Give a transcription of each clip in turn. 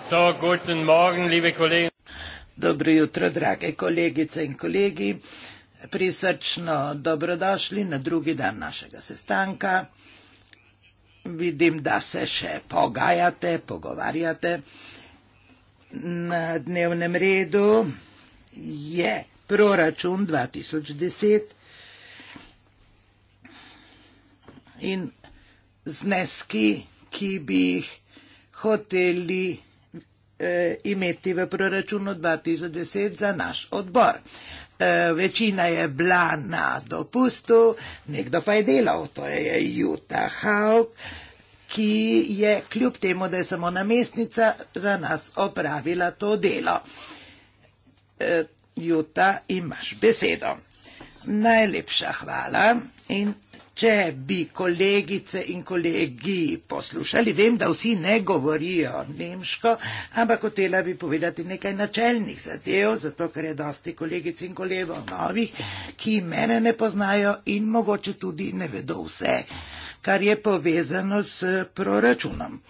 So, guten Morgen, liebe Kollegen. Dobro jutro, drage kolegice in kolegi. Prisrčno dobrodošli na drugi dan našega sestanka. Vidim, da se še pogajate, pogovarjate. Na dnevnem redu je proračun 2010 in zneski, ki bi jih hoteli Eh, imeti v proračunu 2010 za naš odbor. Eh, večina je bila na dopustu, nekdo pa je delal, to je Juta Hauk, ki je kljub temu, da je samo namestnica, za nas opravila to delo. Eh, Juta, imaš besedo. Najlepša hvala in Če bi kolegice in kolegi poslušali, vem, da vsi ne govorijo nemško, ampak hotela bi povedati nekaj načelnih zadev, zato ker je dosti kolegic in kolegov novih, ki mene ne poznajo in mogoče tudi ne vedo vse, kar je povezano s proračunom.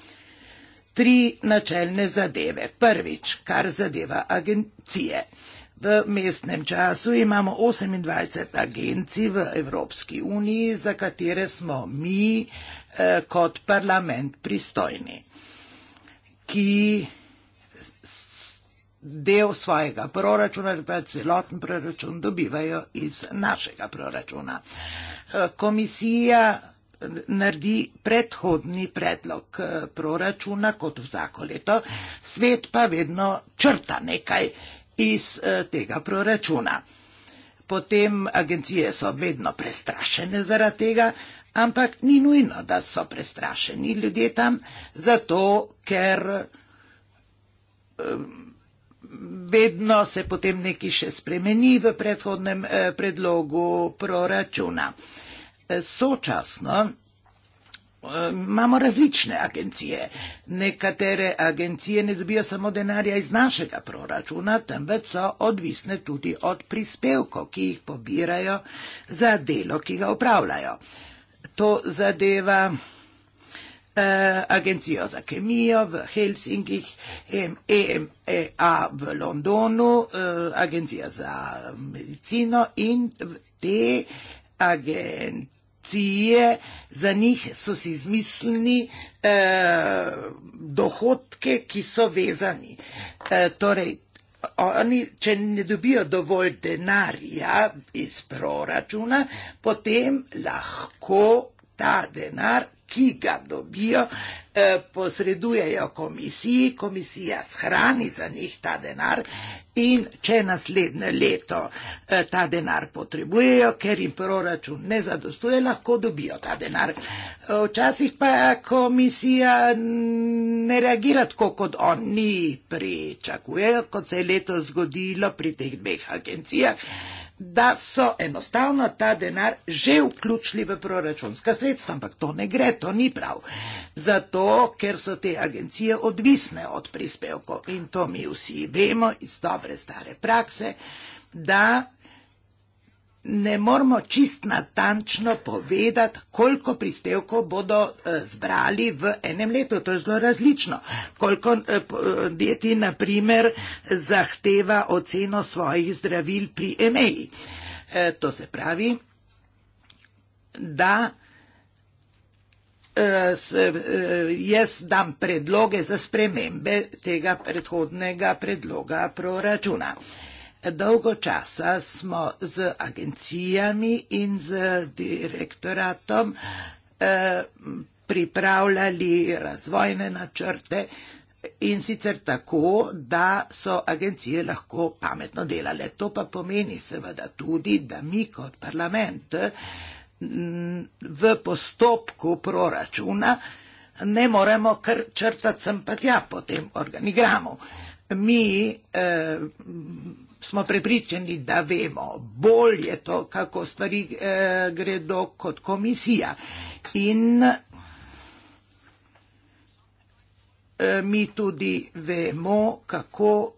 Tri načelne zadeve. Prvič, kar zadeva agencije. V mestnem času imamo 28 agencij v Evropski uniji, za katere smo mi eh, kot parlament pristojni, ki del svojega proračuna, pa celoten proračun dobivajo iz našega proračuna. Eh, komisija naredi predhodni predlog eh, proračuna kot vsako leto, svet pa vedno črta nekaj iz eh, tega proračuna. Potem agencije so vedno prestrašene zaradi tega, ampak ni nujno, da so prestrašeni ljudje tam, zato ker eh, vedno se potem neki še spremeni v predhodnem eh, predlogu proračuna. Sočasno Imamo različne agencije. Nekatere agencije ne dobijo samo denarja iz našega proračuna, temveč so odvisne tudi od prispevkov, ki jih pobirajo za delo, ki ga upravljajo. To zadeva eh, Agencijo za kemijo v Helsinkih, EMEA e v Londonu, eh, Agencija za medicino in te agencije cije, za njih so si izmislili eh, dohodke, ki so vezani. Eh, torej, oni, če ne dobijo dovolj denarja iz proračuna, potem lahko ta denar ki ga dobijo, eh, posredujejo komisiji, komisija shrani za njih ta denar in če naslednje leto eh, ta denar potrebujejo, ker jim proračun ne zadostuje, lahko dobijo ta denar. Včasih pa komisija ne reagira tako, kot oni pričakujejo, kot se je leto zgodilo pri teh dveh agencijah da so enostavno ta denar že vključili v proračunska sredstva, ampak to ne gre, to ni prav. Zato, ker so te agencije odvisne od prispevkov in to mi vsi vemo iz dobre stare prakse, da ne moramo čist natančno povedati, koliko prispevkov bodo eh, zbrali v enem letu. To je zelo različno. Koliko eh, eh, podjetij, naprimer, zahteva oceno svojih zdravil pri EMEI. To se pravi, da jaz dam predloge za spremembe tega predhodnega predloga proračuna. Dolgo časa smo z agencijami in z direktoratom eh, pripravljali razvojne načrte in sicer tako, da so agencije lahko pametno delale. To pa pomeni seveda tudi, da mi kot parlament v postopku proračuna ne moremo kar črtati sem pa tja po tem organigramu. Mi eh, smo prepričani, da vemo bolje to, kako stvari eh, gredo kot komisija. In eh, mi tudi vemo, kako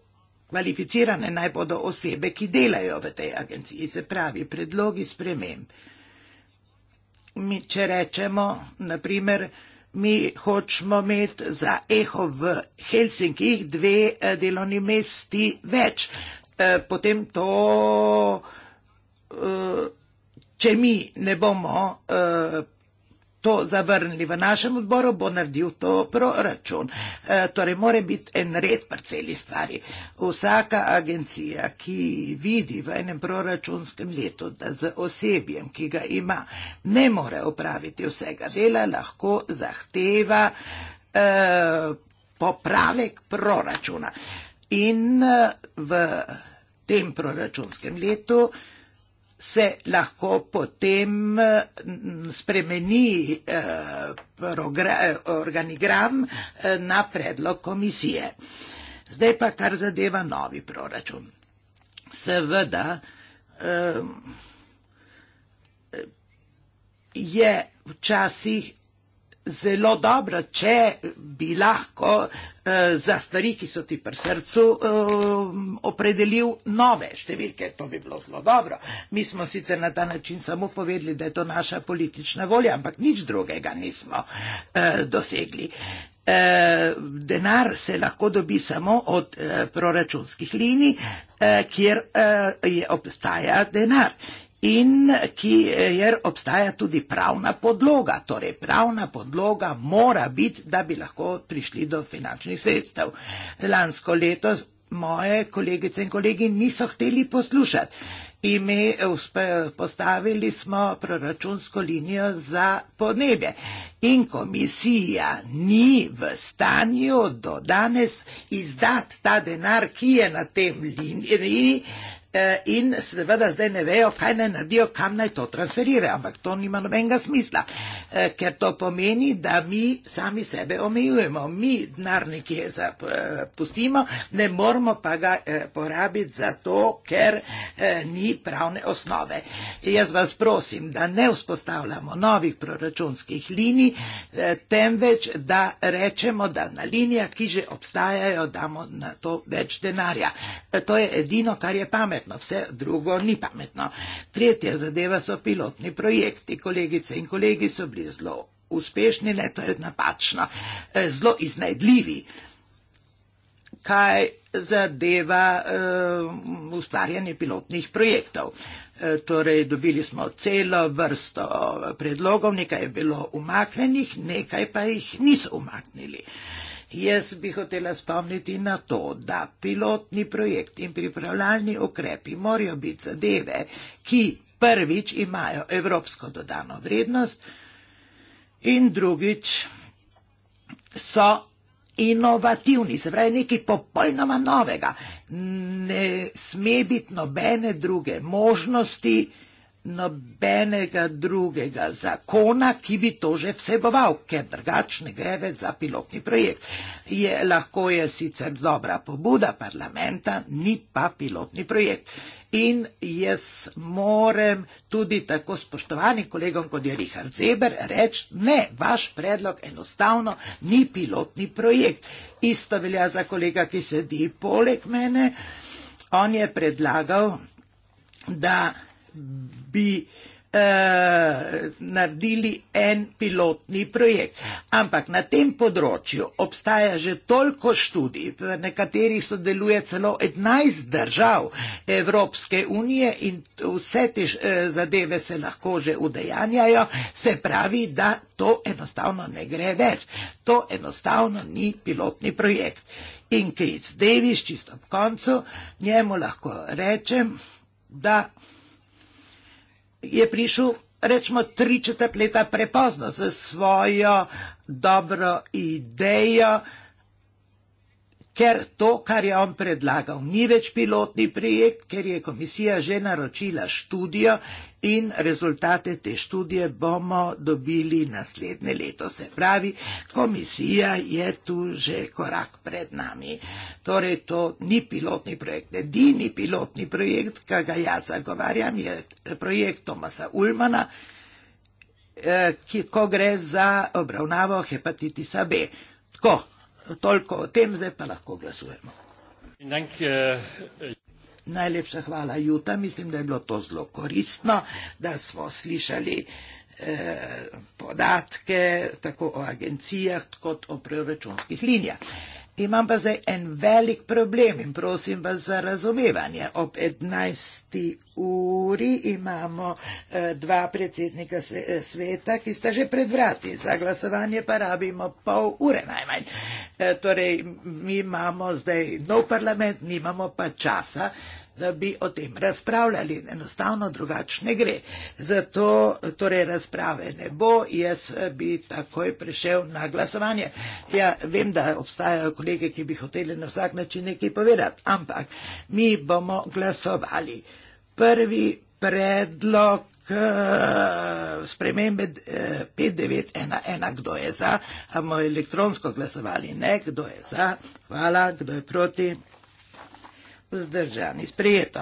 kvalificirane naj bodo osebe, ki delajo v tej agenciji, se pravi predlogi sprememb. Mi, če rečemo, naprimer, mi hočemo imeti za eho v Helsinkih dve eh, delovni mesti več, Eh, potem to, eh, če mi ne bomo eh, to zavrnili v našem odboru, bo naredil to proračun. Torej, more biti en red pri celi stvari. Vsaka agencija, ki vidi v enem proračunskem letu, da z osebjem, ki ga ima, ne more opraviti vsega dela, lahko zahteva popravek proračuna. In eh, v tem proračunskem letu se lahko potem eh, spremeni eh, organigram na predlog komisije. Zdaj pa kar zadeva novi proračun. Seveda je včasih zelo dobro, če bi lahko eh, za stvari, ki so ti pri srcu, eh, opredelil nove številke. To bi bilo zelo dobro. Mi smo sicer na ta način samo povedali, da je to naša politična volja, ampak nič drugega nismo eh, dosegli. Eh, denar se lahko dobi samo od eh, proračunskih linij, eh, kjer eh, je, obstaja denar in kjer eh, obstaja tudi pravna podloga. Torej, pravna podloga mora biti, da bi lahko prišli do finančnih sredstev. Lansko leto moje kolegice in kolegi niso hteli poslušati. Ime, uspe, postavili smo proračunsko linijo za podnebje in komisija ni v stanju do danes izdat ta denar, ki je na tem liniji, E, in seveda zdaj ne vejo, kaj naj naredijo, kam naj to transferirajo, ampak to nima nobenega smisla, e, ker to pomeni, da mi sami sebe omejujemo, mi denar nekje zapustimo, e, ne moramo pa ga porabiti zato, ker ni pravne osnove. Jaz vas prosim, da ne vzpostavljamo novih proračunskih linij, temveč da rečemo, da na linijah, ki že obstajajo, damo na to več denarja. To je edino, kar je pamet pametno, vse drugo ni pametno. Tretja zadeva so pilotni projekti. Kolegice in kolegi so bili zelo uspešni, ne to je napačno, e, zelo iznajdljivi. Kaj zadeva uh, ustvarjanje pilotnih projektov? E, torej, dobili smo celo vrsto predlogov, nekaj je bilo umaknjenih, nekaj pa jih niso umaknili. Uh, Jaz bi hotela spomniti na to, da pilotni projekt in pripravljalni ukrepi morajo biti zadeve, ki prvič imajo evropsko dodano vrednost in drugič so inovativni, se pravi nekaj popolnoma novega. Ne sme biti nobene druge možnosti, nobenega drugega zakona, ki bi to že vseboval, ker drugačne gre več za pilotni projekt. Je, lahko je sicer dobra pobuda parlamenta, ni pa pilotni projekt. In jaz moram tudi tako spoštovanim kolegom, kot je Richard Zeber, reči, ne, vaš predlog enostavno ni pilotni projekt. Isto velja za kolega, ki sedi poleg mene. On je predlagal, da bi uh, naredili en pilotni projekt. Ampak na tem področju obstaja že toliko študij, v nekaterih sodeluje celo 11 držav Evropske unije in vse te uh, zadeve se lahko že udejanjajo, se pravi, da to enostavno ne gre več. To enostavno ni pilotni projekt. In Kric Deviš, čisto ob koncu, njemu lahko rečem, da je prišel, rečemo, tri četrt leta prepozno za svojo dobro idejo, ker to, kar je on predlagal, ni več pilotni projekt, ker je komisija že naročila študijo In rezultate te študije bomo dobili naslednje leto. Se pravi, komisija je tu že korak pred nami. Torej, to ni pilotni projekt. Edini pilotni projekt, ki ga jaz zagovarjam, je eh, projekt Tomasa Ulmana, eh, ki, ko gre za obravnavo hepatitisa B. Tako, toliko o tem, zdaj pa lahko glasujemo. Thank you. Eh, Najlepša hvala, Juta. Mislim, da je bilo to zelo koristno, da smo slišali eh, podatke tako o agencijah, kot o preračunskih linijah. Imam pa zdaj en velik problem in prosim vas za razumevanje. Ob 11. uri imamo eh, dva predsednika eh, sveta, ki sta že pred vrati. Za glasovanje pa rabimo pol ure najmanj. Eh, torej, mi imamo zdaj nov parlament, nimamo pa časa da bi o tem razpravljali. Enostavno drugače ne gre. Zato torej razprave ne bo, jaz bi takoj prešel na glasovanje. Ja, vem, da obstajajo kolege, ki bi hoteli na vsak način nekaj povedati, ampak mi bomo glasovali. Prvi predlog. K eh, spremembe 5911, eh, kdo je za, imamo elektronsko glasovali, ne, kdo je za, hvala, kdo je proti vzdržani, sprejeto.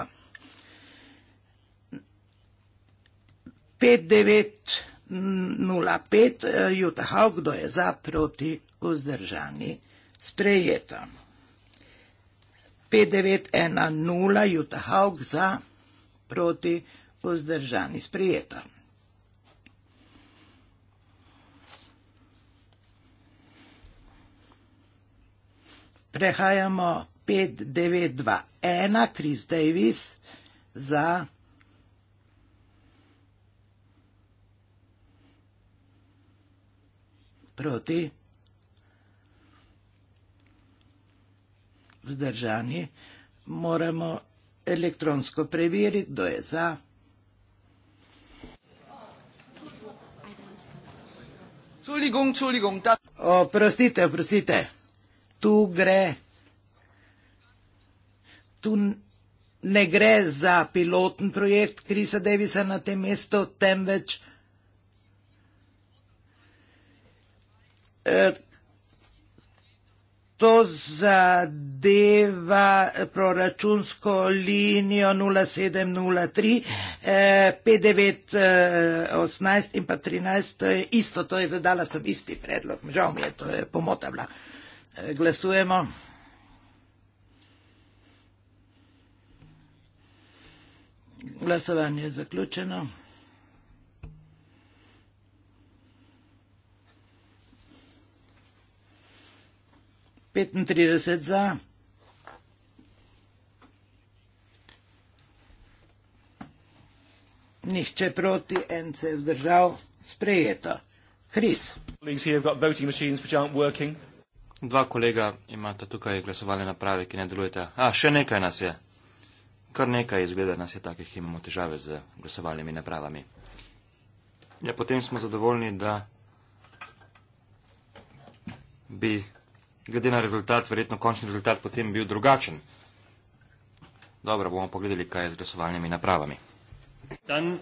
5905, eh, Juta Hau, kdo je za, proti, vzdržani, sprejeto. 5910, Juta Hau, za, proti, vzdržani, sprejeto. Prehajamo 5921, Chris Davis za. Proti vzdržani moramo elektronsko preveriti, kdo je za. Čuligong, čuligong, ta... Oprostite, oprostite. Tu gre tu ne gre za piloten projekt Krisa Devisa na tem mestu, temveč eh, to zadeva proračunsko linijo 0703, P9, 18 in pa 13, to je isto, to je dodala sem isti predlog, žal mi je, to je pomota bila. Eh, glasujemo. Glasovanje je zaključeno. Petintrideset za, nihče proti, en se je vzdržal, sprejeto. Kris. Dva kolega imata tukaj glasovalne naprave, ki ne delujeta. A, še nekaj nas je kar nekaj izgleda nas je takih, ki imamo težave z glasovalnimi napravami. Ja, potem smo zadovoljni, da bi, glede na rezultat, verjetno končni rezultat potem bil drugačen. Dobro, bomo pogledali, kaj je z glasovalnimi napravami. Dan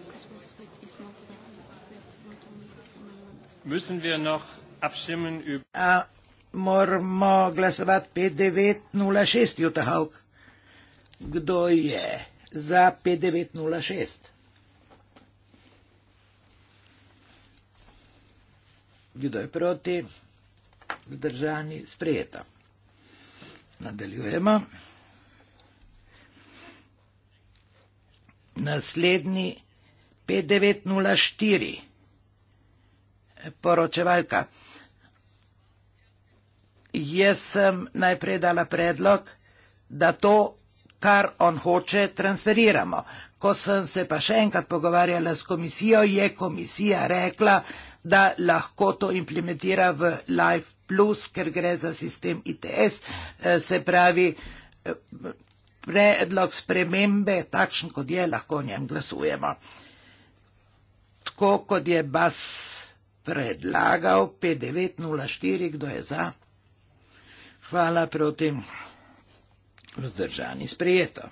müssen wir noch abstimmen über... A, moramo glasovati 5906, Jutahauk kdo je za 5906. Kdo je proti? Zdržani, sprejeta. Nadaljujemo. Naslednji 5904, poročevalka. Jaz sem najprej dala predlog, da to kar on hoče, transferiramo. Ko sem se pa še enkrat pogovarjala s komisijo, je komisija rekla, da lahko to implementira v Life Plus, ker gre za sistem ITS, eh, se pravi, eh, predlog spremembe, takšen kot je, lahko o njem glasujemo. Tako kot je Bas predlagal, P904, kdo je za? Hvala proti vzdržani sprijeto.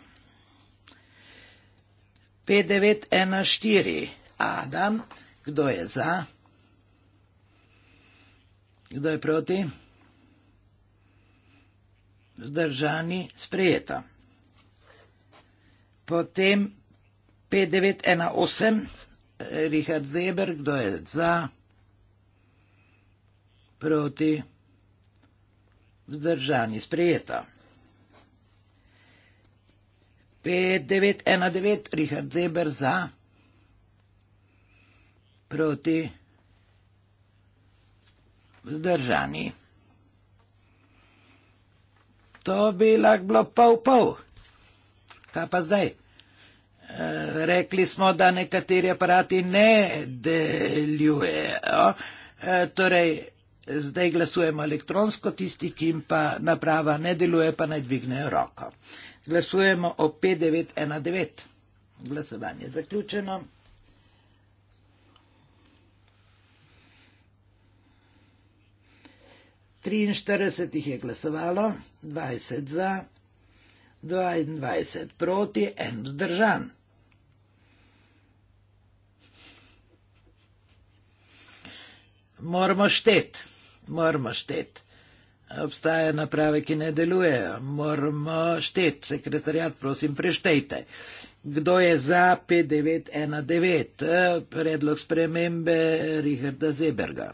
5914 Adam, kdo je za? Kdo je proti? Zdržani sprejeta. Potem 5918, Richard Zeber, kdo je za? Proti? Zdržani sprejeta. 5-9-1-9, Richard Zeber za. Proti. Zdržani. To bi lahko bilo pol-pol. Kaj pa zdaj? E, rekli smo, da nekateri aparati ne delujejo. E, torej, zdaj glasujemo elektronsko, tisti, ki jim pa naprava ne deluje, pa naj dvignejo roko glasujemo o 5-9-1-9. Glasovanje je zaključeno. Trinštirideset jih je glasovalo, dvajset za, dvajset proti, en vzdržan. Moramo šteti, moramo šteti obstajajo naprave, ki ne delujejo. Moramo šteti, sekretarjat, prosim, preštejte. Kdo je za 5919, eh, predlog spremembe Richarda Zeberga?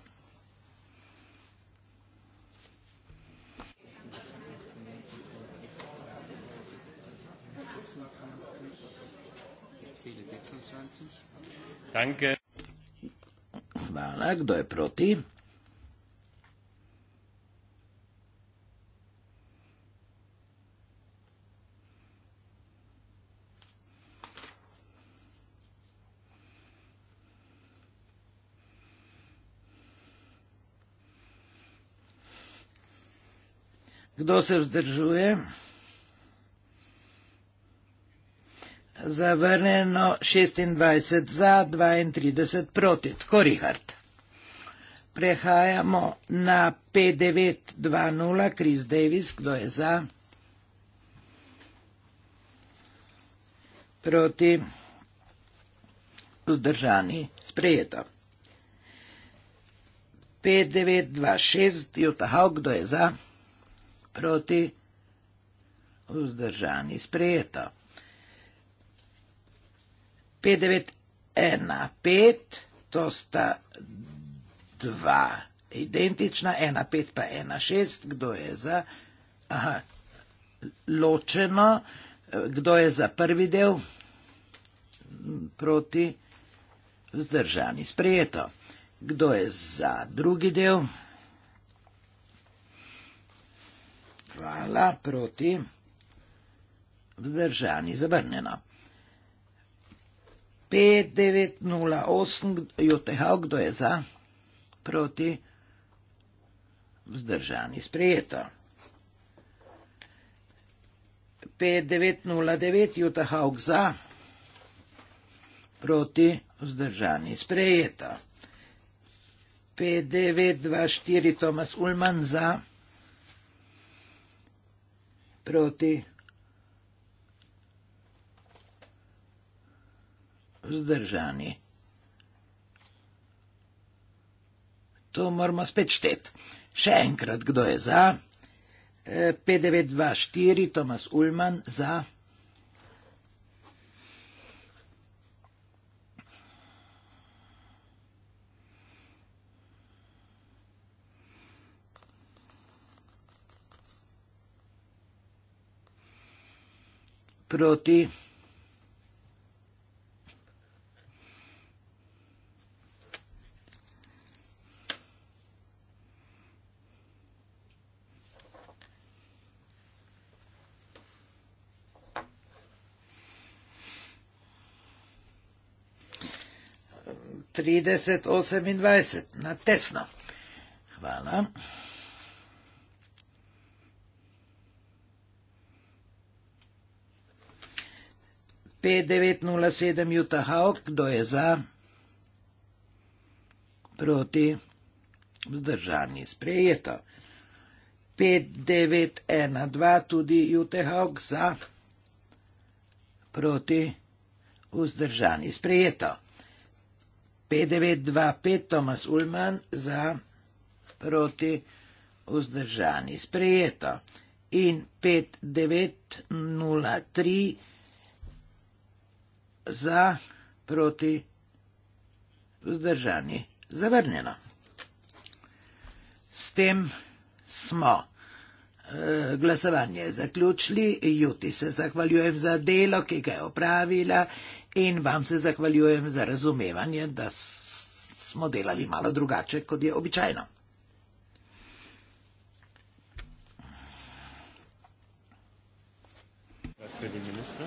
Hvala, kdo je proti? Kdo se vzdržuje? Zavrnjeno 26 za, 32 proti. Tako, Richard. Prehajamo na 5920, Chris Davis, kdo je za? Proti. Vzdržani. Sprejeto. 5926, Jutahov, kdo je za? Proti proti vzdržani sprejeto. 5915, to sta dva identična, 15 pa 16, kdo je za aha, ločeno, kdo je za prvi del proti vzdržani sprejeto, kdo je za drugi del. Hvala, proti. Vzdržani, zavrnjena. 5908, kdo je za, proti. Vzdržani, sprejeto. 5909, Jutahauk za, proti vzdržani, sprejeto. 5924, Tomas Ulman za, proti vzdržani proti. Zdržani. To moramo spet šteti. Še enkrat, kdo je za? 5924, eh, Tomas Ulman za. proti. Trideset osemindvajset na tesno. Hvala. 5907 Jutahawk, kdo je za, proti, vzdržani, sprejeto. 5912 tudi Jutahawk za, proti, vzdržani, sprejeto. 5925 Tomas Ulman za, proti, vzdržani, sprejeto. In 5903 za, proti, vzdržani, zavrnjeno. S tem smo e, glasovanje zaključili. Juti se zahvaljujem za delo, ki ga je opravila in vam se zahvaljujem za razumevanje, da smo delali malo drugače, kot je običajno. Thank you, Minister.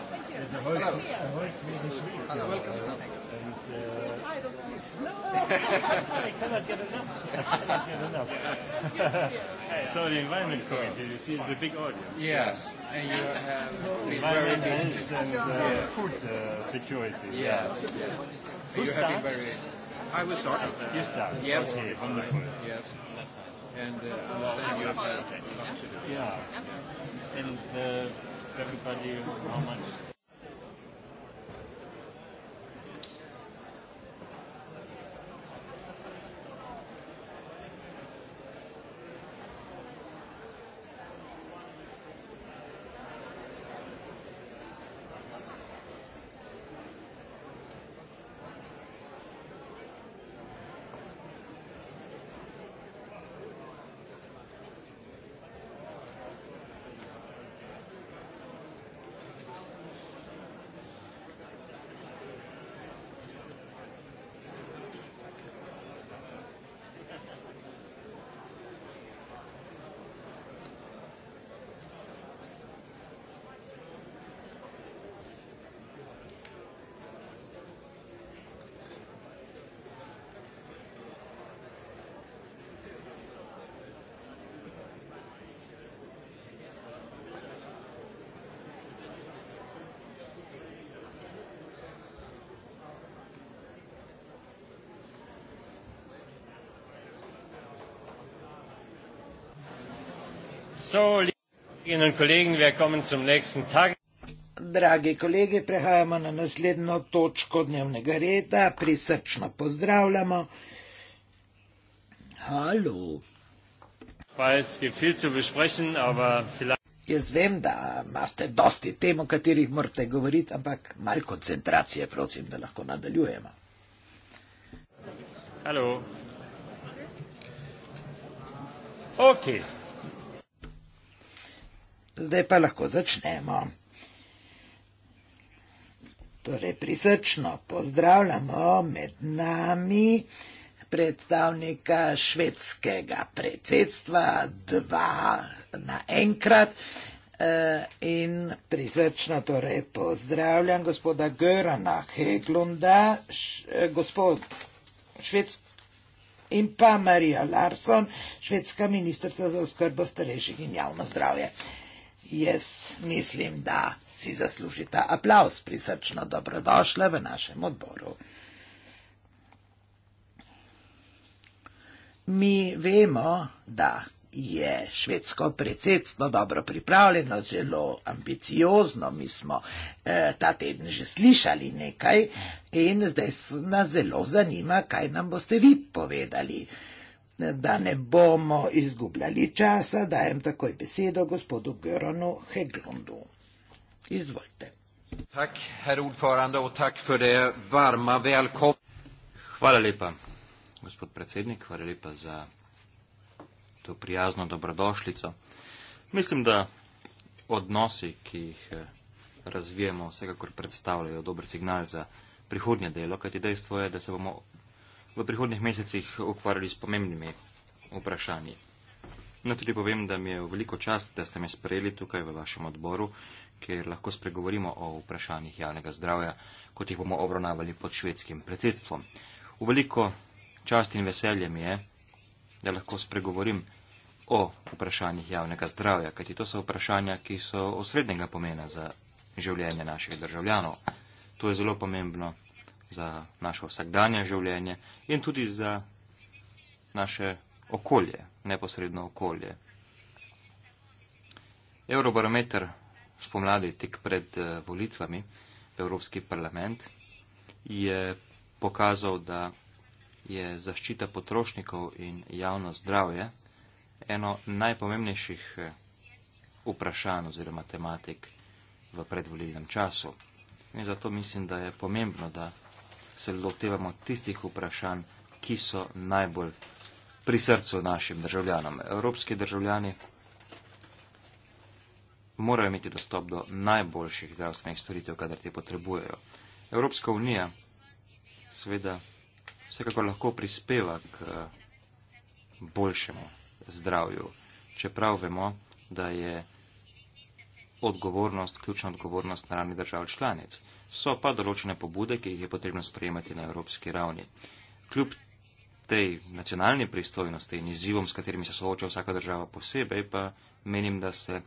so the environment committee you see, is a big audience. Yes, and you have environment and, and uh, yeah. food uh, security. Yes. yes. yes. Who starts? Very... I will start. Uh, you start. Yes. Okay, from the food. Yes. And uh, understand you have a lot to do. Yeah. And uh, everybody, how much? Dragi kolegi, prehajamo na naslednjo točko dnevnega reda, prisrčno pozdravljamo. Halo. Jaz vem, da imate dosti tem, o katerih morate govoriti, ampak malo koncentracije, prosim, da lahko nadaljujemo. Halo. Okay. Zdaj pa lahko začnemo. Torej, prisrčno pozdravljamo med nami predstavnika švedskega predsedstva, dva naenkrat. Eh, in prisrčno torej pozdravljam gospoda Görana Heglunda, eh, gospod Švedsk in pa Marija Larson, švedska ministrica za oskrbo starejših in javno zdravje. Uh, jaz mislim, da si zaslužite aplaus, prisrčno dobrodošle v našem odboru. Mi vemo, da je švedsko predsedstvo dobro pripravljeno, zelo ambiciozno. Mi smo eh, ta teden že slišali nekaj in zdaj nas zelo zanima, kaj nam boste vi povedali. Eh, da ne bomo izgubljali časa, dajem takoj besedo gospodu Göranu Heglundu. Izvolite. Tak, odfarande, tak varma hvala lepa, gospod predsednik, hvala lepa za to prijazno dobrodošljico. Mislim, da odnosi, ki jih eh, razvijemo, vsekakor predstavljajo dober signal za prihodnje delo, kajti dejstvo je, da se bomo v prihodnih mesecih ukvarjali s pomembnimi vprašanji. No tudi povem, da mi je veliko čast, da ste me sprejeli tukaj v vašem odboru, kjer lahko spregovorimo o vprašanjih javnega zdravja, kot jih bomo obravnavali pod švedskim predsedstvom. V veliko čast in veselje mi je, da lahko spregovorim o vprašanjih javnega zdravja, kajti to so vprašanja, ki so osrednjega pomena za življenje naših državljanov. To je zelo pomembno za naše vsakdanje življenje in tudi za naše okolje, neposredno okolje. Eurobarometer spomladi tik pred eh, volitvami v Evropski parlament je pokazal, da je zaščita potrošnikov in javno zdravje eno najpomembnejših eh, vprašanj oziroma tematik v predvolilnem času. In zato mislim, da je pomembno, da se lotevamo tistih vprašanj, ki so najbolj pri srcu našim državljanom. Evropski državljani morajo imeti dostop do najboljših zdravstvenih storitev, kadar te potrebujejo. Evropska unija seveda vsekakor lahko prispeva k eh, boljšemu zdravju, čeprav vemo, da je odgovornost, ključna odgovornost na ravni držav članic so pa določene pobude, ki jih je potrebno sprejemati na evropski ravni. Kljub tej nacionalni pristojnosti in izzivom, s katerimi se sooča vsaka država posebej, pa menim, da se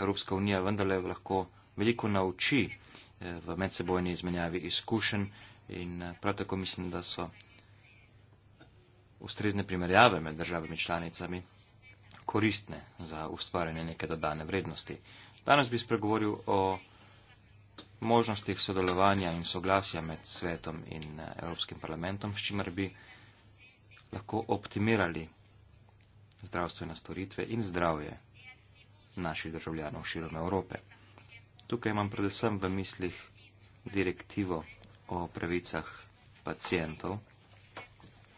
Evropska unija vendarle lahko veliko nauči eh, v medsebojni izmenjavi izkušenj in eh, prav tako mislim, da so ustrezne primerjave med državami članicami koristne za ustvarjanje neke dodane vrednosti. Danes bi spregovoril o možnostih sodelovanja in soglasja med svetom in eh, Evropskim parlamentom, s čimer bi lahko optimirali zdravstvene storitve in zdravje naših državljanov širom Evrope. Tukaj imam predvsem v mislih direktivo o pravicah pacijentov,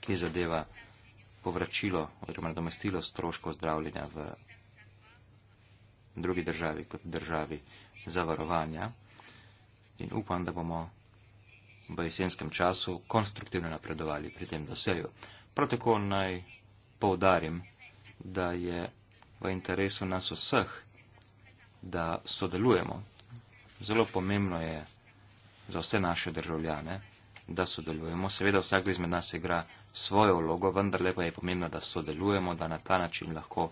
ki zadeva povračilo oziroma domestilo stroškov zdravljenja v drugi državi kot državi zavarovanja in upam, da bomo v jesenskem času konstruktivno napredovali pri tem dosegu. Prav tako naj povdarim, da je v interesu nas vseh, da sodelujemo. Zelo pomembno je za vse naše državljane, da sodelujemo. Seveda vsak izmed nas igra svojo vlogo, vendar lepa je pomembno, da sodelujemo, da na ta način lahko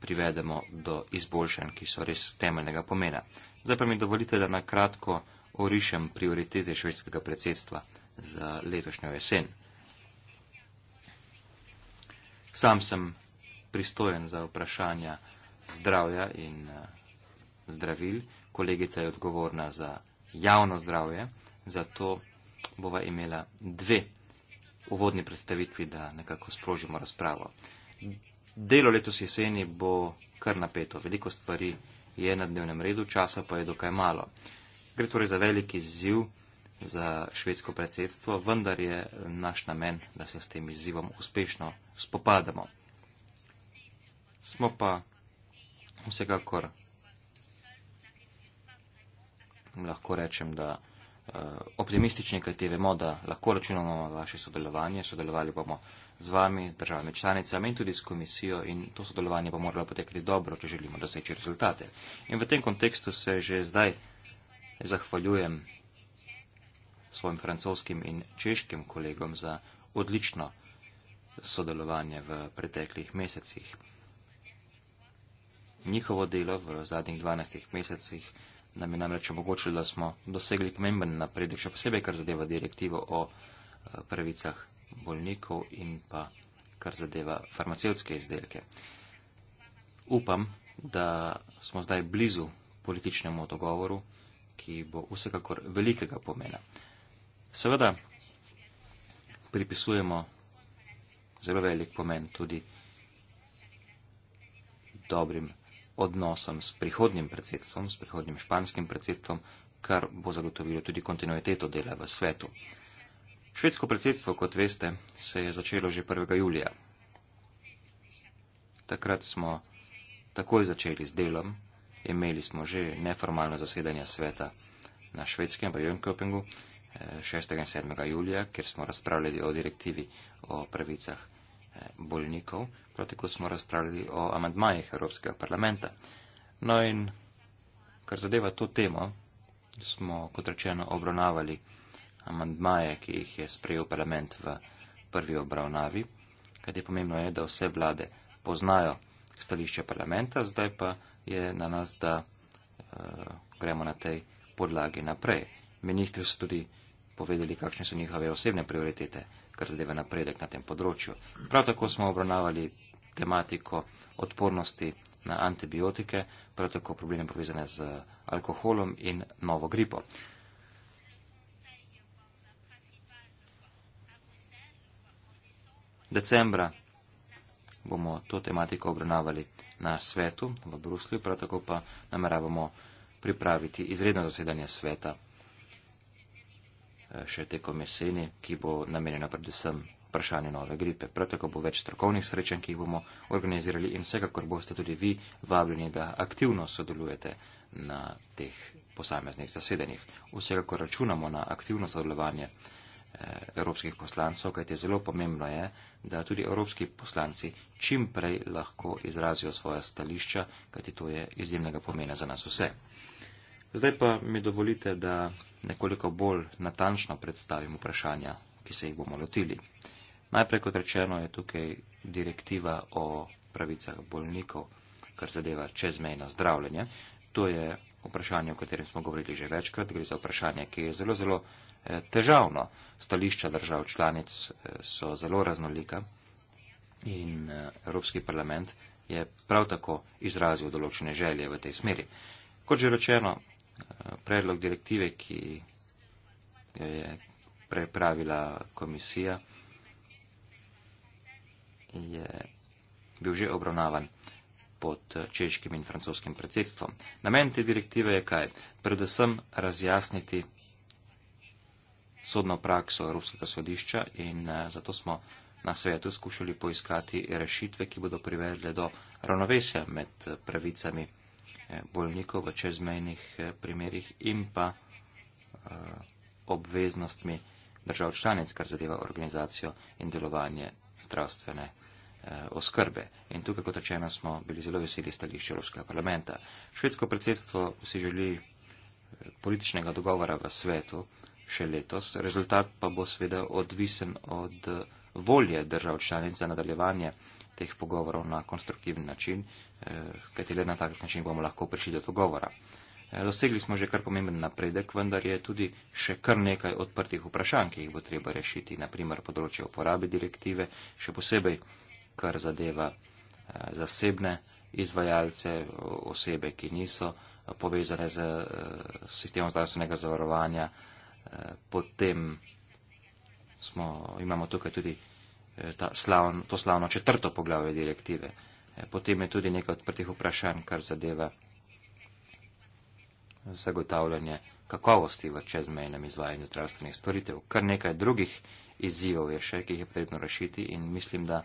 privedemo do izboljšanj, ki so res temeljnega pomena. Zdaj pa mi dovolite, da na kratko orišem prioritete švedskega predsedstva za letošnjo jesen. Sam sem pristojen za vprašanja zdravja in eh, zdravil. Kolegica je odgovorna za javno zdravje, zato bova imela dve uvodni predstavitvi, da nekako sprožimo razpravo. Delo letos jeseni bo kar napeto, veliko stvari je na dnevnem redu, časa pa je dokaj malo. Gre torej za veliki izziv za švedsko predsedstvo, vendar je naš namen, da se s tem izzivom uspešno spopademo. Smo pa vsekakor, lahko rečem, da uh, optimistični, kaj te vemo, da lahko računamo na vaše sodelovanje, sodelovali bomo z vami, državami članicami in tudi s komisijo in to sodelovanje bo moralo potekati dobro, če želimo doseči rezultate. In v tem kontekstu se že zdaj zahvaljujem svojim francoskim in češkim kolegom za odlično sodelovanje v preteklih mesecih. Njihovo delo v zadnjih 12 mesecih nam je namreč omogočilo, da smo dosegli pomemben napredek, še posebej kar zadeva direktivo o eh, pravicah bolnikov in pa kar zadeva farmacevtske izdelke. Upam, da smo zdaj blizu političnemu dogovoru, ki bo vsekakor velikega pomena. Seveda pripisujemo zelo velik pomen tudi dobrim odnosom s prihodnim predsedstvom, s prihodnim španskim predsedstvom, kar bo zagotovilo tudi kontinuiteto dela v svetu. Švedsko predsedstvo, kot veste, se je začelo že 1. julija. Takrat smo takoj začeli z delom, imeli smo že neformalno zasedanje sveta na švedskem v Jönköpingu 6. Eh, in 7. julija, kjer smo razpravljali o direktivi o pravicah eh, bolnikov, proti ko smo razpravljali o amandmajih Evropskega parlamenta. No in kar zadeva to temo, smo, kot rečeno, obravnavali amantmaje, ki jih je sprejel parlament v prvi obravnavi, kaj je pomembno je, da vse vlade poznajo stališče parlamenta, zdaj pa je na nas, da uh, gremo na tej podlagi naprej. Ministri so tudi povedali, kakšne so njihove osebne prioritete, kar zadeva napredek na tem področju. Prav tako smo obravnavali tematiko odpornosti na antibiotike, prav tako probleme povezane z alkoholom in novo gripo. decembra bomo to tematiko obravnavali na svetu v Bruslju, prav tako pa nameravamo pripraviti izredno zasedanje sveta eh, še tekom jeseni, ki bo namenjena predvsem vprašanju nove gripe. Prav tako bo več strokovnih srečanj, ki jih bomo organizirali in vsekakor boste tudi vi vabljeni, da aktivno sodelujete na teh posameznih zasedanjih. Vsekakor računamo na aktivno sodelovanje. Eh, evropskih poslancev, kajte zelo pomembno je, da tudi evropski poslanci čim prej lahko izrazijo svoja stališča, kajte to je izjemnega pomena za nas vse. Zdaj pa mi dovolite, da nekoliko bolj natančno predstavim vprašanja, ki se jih bomo lotili. Najprej, kot rečeno, je tukaj direktiva o pravicah bolnikov, kar zadeva čezmejno zdravljenje. To je vprašanje, o katerem smo govorili že večkrat. Gre za vprašanje, ki je zelo, zelo težavno. Stališča držav članic eh, so zelo raznolika in eh, Evropski parlament je prav tako izrazil določene želje v tej smeri. Kot že rečeno, eh, predlog direktive, ki jo je prepravila komisija, je bil že obravnavan pod češkim in francoskim predsedstvom. Namen te direktive je kaj? Predvsem razjasniti sodno prakso Evropskega sodišča in eh, zato smo na svetu skušali poiskati rešitve, ki bodo privedle do ravnovesja med eh, pravicami eh, bolnikov v čezmejnih primerjih in pa obveznostmi držav članic, kar zadeva organizacijo in delovanje zdravstvene oskrbe. In tukaj, kot rečeno, smo bili zelo veseli stališča Evropskega parlamenta. Švedsko predsedstvo si želi političnega dogovora v svetu, še letos. Rezultat pa bo seveda odvisen od eh, volje držav članic za nadaljevanje teh pogovorov na konstruktiven način, eh, kajti le na tak način bomo lahko prišli do dogovora. Eh, dosegli smo že kar pomemben napredek, vendar je tudi še kar nekaj odprtih vprašanj, ki jih bo treba rešiti, naprimer področje uporabe direktive, še posebej kar zadeva zasebne izvajalce, osebe, ki niso povezane z sistemom zdravstvenega zavarovanja, potem smo, imamo tukaj tudi eh, ta slavn, to slavno četrto poglavje direktive. Eh, potem je tudi nekaj odprtih vprašanj, kar zadeva zagotavljanje kakovosti v čezmejnem izvajanju zdravstvenih storitev. Kar nekaj drugih izzivov je še, ki jih je potrebno rešiti in mislim, da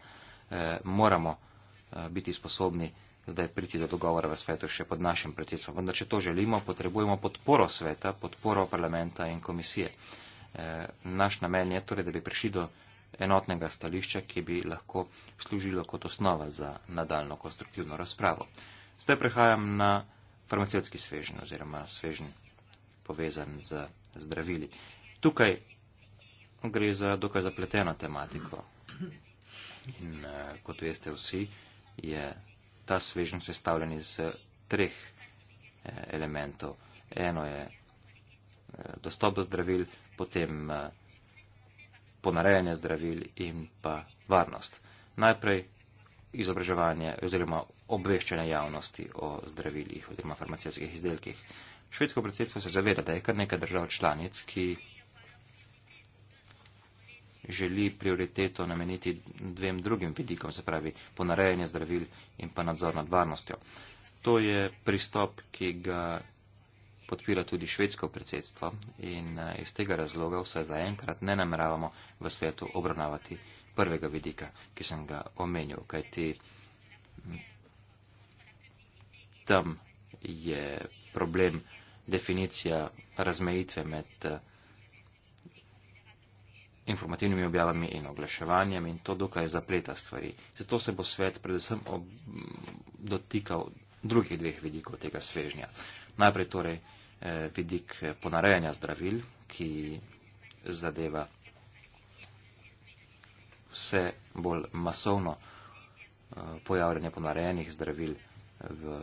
eh, moramo eh, biti sposobni eh, zdaj priti do dogovora v svetu še pod našim predsedstvom. Vendar, če to želimo, potrebujemo podporo sveta, podporo parlamenta in komisije. Eh, naš namen je torej, da bi prišli do enotnega stališča, ki bi lahko služilo kot osnova za nadaljno konstruktivno razpravo. Zdaj prehajam na farmacijski svežen oziroma svežen povezan z zdravili. Tukaj gre za dokaj zapleteno tematiko. In eh, kot veste vsi, je ta svežen sestavljen iz eh, treh eh, elementov. Eno je eh, dostop do zdravil, potem ponarejanje zdravil in pa varnost. Najprej izobraževanje oziroma obveščanje javnosti o zdravilih oziroma farmacijskih izdelkih. Švedsko predsedstvo se zaveda, da je kar nekaj držav članic, ki želi prioriteto nameniti dvem drugim vidikom, se pravi ponarejanje zdravil in pa nadzor nad varnostjo. To je pristop, ki ga podpira tudi švedsko predsedstvo in eh, iz tega razloga vse zaenkrat ne nameravamo v svetu obravnavati prvega vidika, ki sem ga omenil, kajti tam je problem definicija razmejitve med eh, informativnimi objavami in oglaševanjem in to dokaj zapleta stvari. Zato se bo svet predvsem ob, dotikal drugih dveh vidikov tega svežnja. Najprej torej eh, vidik eh, ponarejanja zdravil, ki zadeva vse bolj masovno eh, pojavljanje ponarejenih zdravil eh, v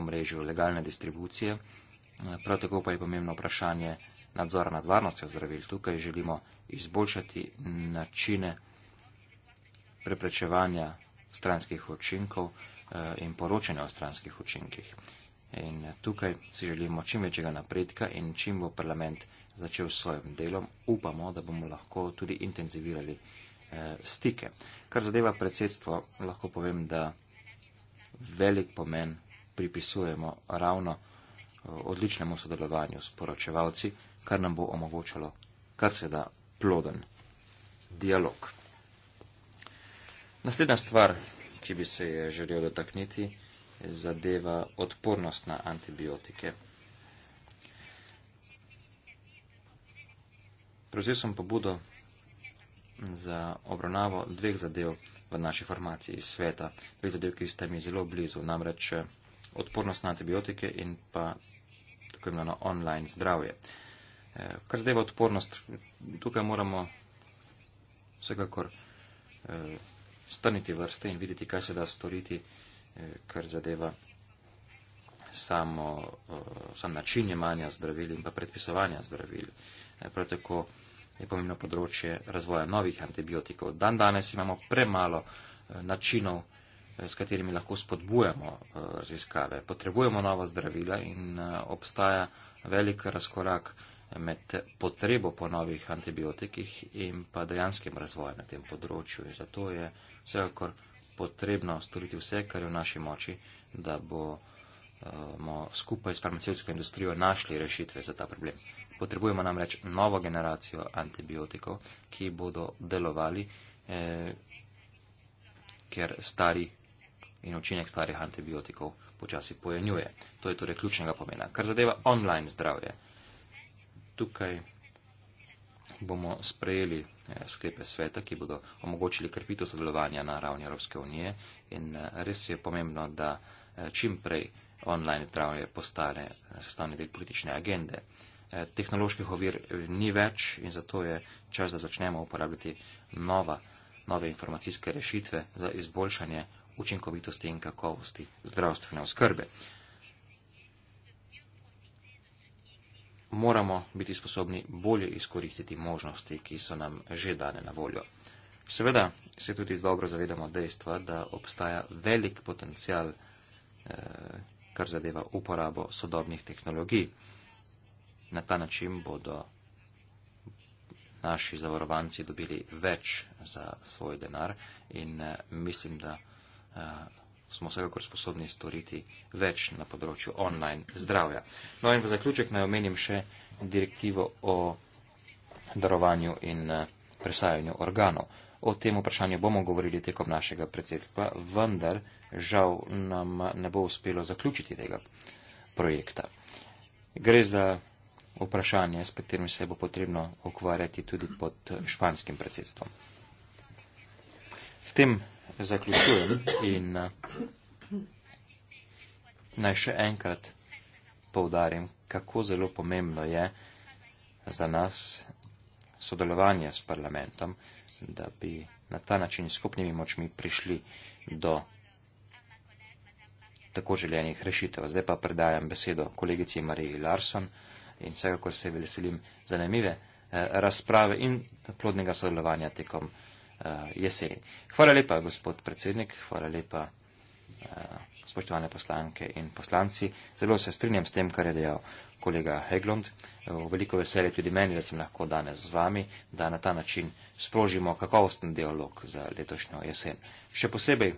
omrežju legalne distribucije. Eh, prav tako pa je pomembno vprašanje nadzora nad varnostjo zdravil. Tukaj želimo izboljšati načine preprečevanja stranskih učinkov eh, in poročanja o stranskih učinkih. In tukaj si želimo čim večjega napredka in čim bo parlament začel s svojim delom, upamo, da bomo lahko tudi intenzivirali eh, stike. Kar zadeva predsedstvo, lahko povem, da velik pomen pripisujemo ravno eh, odličnemu sodelovanju s poročevalci, kar nam bo omogočalo kar se da ploden dialog. Naslednja stvar, ki bi se je želel dotakniti, zadeva odpornost na antibiotike. Prevzel sem pobudo za obravnavo dveh zadev v naši formaciji iz sveta, dveh zadev, ki ste mi zelo blizu, namreč odpornost na antibiotike in pa tako imenovano online zdravje. Uh, Eh, kar zdaj odpornost, tukaj moramo vsekakor eh, strniti vrste in videti, kaj se da storiti, eh, kar zadeva samo, sam način jemanja zdravil in pa predpisovanja zdravil. Prav tako je pomembno področje razvoja novih antibiotikov. Dan danes imamo premalo načinov, s katerimi lahko spodbujamo raziskave. Potrebujemo nova zdravila in obstaja velik razkorak med potrebo po novih antibiotikih in pa dejanskim razvojem na tem področju. Zato je vsekakor potrebno storiti vse, kar je v naši moči, da bomo eh, skupaj s farmacevtsko industrijo našli rešitve za ta problem. Potrebujemo namreč novo generacijo antibiotikov, ki bodo delovali, eh, ker stari in učinek starih antibiotikov počasi pojenjuje. To je torej ključnega pomena. Kar zadeva online zdravje, eh, tukaj bomo sprejeli eh, sklepe sveta, ki bodo omogočili krepitev sodelovanja na ravni Evropske unije in eh, res je pomembno, da eh, čim prej online zdravje postane sestavni del politične agende. Tehnoloških ovir ni več in zato je čas, da začnemo uporabljati nova, nove informacijske rešitve za izboljšanje učinkovitosti in kakovosti zdravstvene oskrbe. moramo biti sposobni bolje izkoristiti možnosti, ki so nam že dane na voljo. Seveda se tudi dobro zavedamo dejstva, da obstaja velik potencial, eh, kar zadeva uporabo sodobnih tehnologij. Na ta način bodo naši zavarovanci dobili več za svoj denar in eh, mislim, da eh, smo vsekakor sposobni storiti več na področju online zdravja. No in v zaključek naj omenim še direktivo o darovanju in eh, presajanju organov. O tem vprašanju bomo govorili tekom našega predsedstva, vendar žal nam ne bo uspelo zaključiti tega projekta. Gre za vprašanje, s katerim se bo potrebno ukvarjati tudi pod španskim predsedstvom. S tem zaključujem in eh, naj še enkrat povdarim, kako zelo pomembno je za nas sodelovanje s parlamentom, da bi na ta način skupnimi močmi prišli do tako željenih rešitev. Zdaj pa predajam besedo kolegici Mariji Larson in vsekakor se veselim zanimive eh, razprave in plodnega sodelovanja tekom. Eh, jeseni. Hvala lepa, gospod predsednik, hvala lepa, eh, spoštovane poslanke in poslanci. Zelo se strinjam s tem, kar je dejal kolega Heglund. Eh, veliko veselje tudi meni, da sem lahko danes z vami, da na ta način sprožimo kakovosten dialog za letošnjo jesen. Še posebej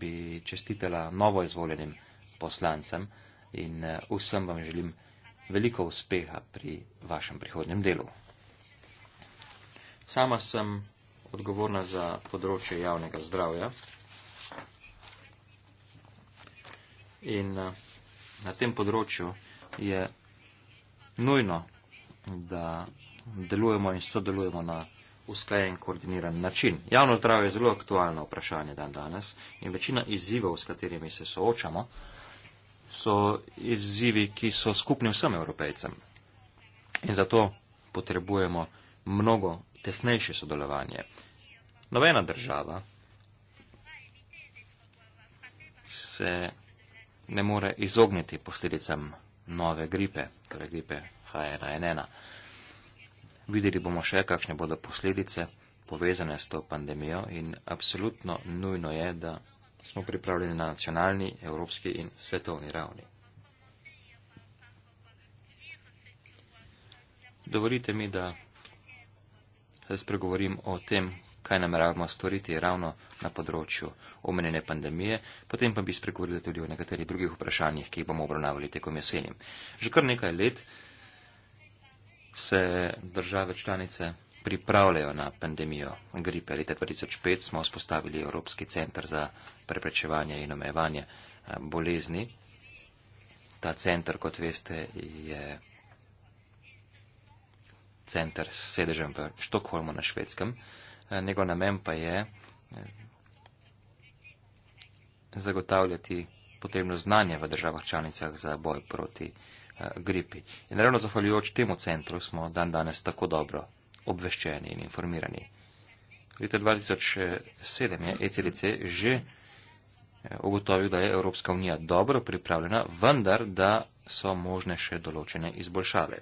bi čestitela novo izvoljenim poslancem in vsem vam želim veliko uspeha pri vašem prihodnjem delu. Sama sem odgovorna za področje javnega zdravja in eh, na tem področju je nujno, da delujemo in sodelujemo na usklajen, koordiniran način. Javno zdravje je zelo aktualno vprašanje dan danes in večina izzivov, s katerimi se soočamo, so izzivi, ki so skupni vsem evropejcem. In zato potrebujemo mnogo tesnejše sodelovanje. Nobena država se ne more izogniti posledicam nove gripe, torej gripe H1N1. Videli bomo še, kakšne bodo posledice povezane s to pandemijo in absolutno nujno je, da smo pripravljeni na nacionalni, evropski in svetovni ravni. Dovolite mi, da spregovorim o tem, kaj nameravamo storiti ravno na področju omenjene pandemije, potem pa bi spregovorili tudi o nekaterih drugih vprašanjih, ki jih bomo obravnavali tekom jeseni. Že kar nekaj let se države članice pripravljajo na pandemijo gripe. Leta 2005 smo spostavili Evropski centr za preprečevanje in omejevanje eh, bolezni. Ta centr, kot veste, je center s sedežem v Štokholmu na švedskem. E, njegov namen pa je e, zagotavljati potrebno znanje v državah članicah za boj proti e, gripi. In ravno zahvaljujoč temu centru smo dan danes tako dobro obveščeni in informirani. Leta 2007 je ECDC že ugotovil, da je Evropska unija dobro pripravljena, vendar da so možne še določene izboljšave.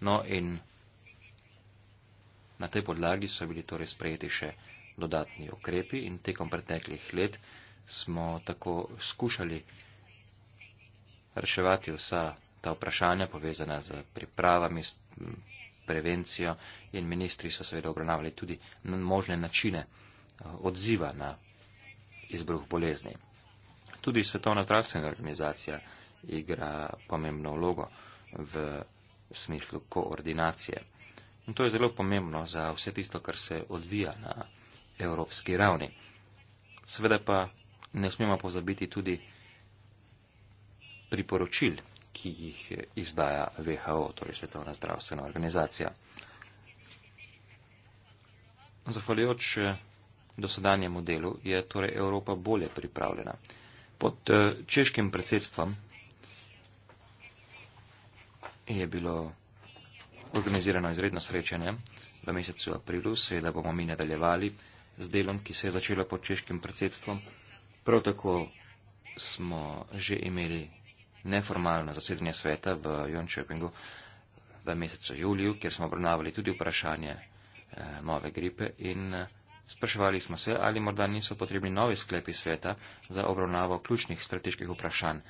No in Na tej podlagi so bili torej sprejeti še dodatni ukrepi in tekom preteklih let smo tako skušali reševati vsa ta vprašanja povezana z pripravami, s prevencijo in ministri so seveda obravnavali tudi možne načine e, odziva na izbruh bolezni. Tudi Svetovna zdravstvena organizacija igra pomembno vlogo v smislu koordinacije. In to je zelo pomembno za vse tisto, kar se odvija na evropski ravni. Seveda pa ne smemo pozabiti tudi priporočil, ki jih izdaja WHO, torej Svetovna zdravstvena organizacija. Zahvaljujoč eh, dosedanjemu delu je torej Evropa bolje pripravljena. Pod eh, češkim predsedstvom je bilo organizirano izredno srečanje v mesecu aprilu, seveda bomo mi nadaljevali z delom, ki se je začelo pod češkim predsedstvom. Prav tako smo že imeli neformalno zasedanje sveta v Jončepingu v mesecu juliju, kjer smo obravnavali tudi vprašanje eh, nove gripe in eh, spraševali smo se, ali morda niso potrebni novi sklepi sveta za obravnavo ključnih strateških vprašanj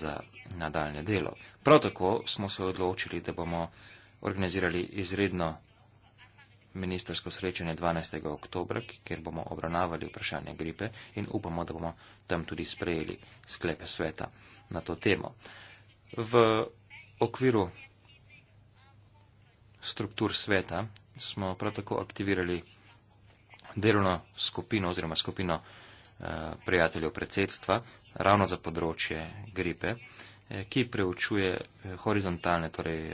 za nadaljne delo. Prav tako smo se odločili, da bomo eh, organizirali izredno ministersko srečanje 12. oktober, kjer bomo obravnavali vprašanje gripe in upamo, da bomo tam tudi sprejeli sklepe sveta na to temo. V okviru struktur sveta smo prav tako aktivirali delovno skupino oziroma skupino eh, prijateljev predsedstva ravno za področje gripe, eh, ki preučuje eh, horizontalne, torej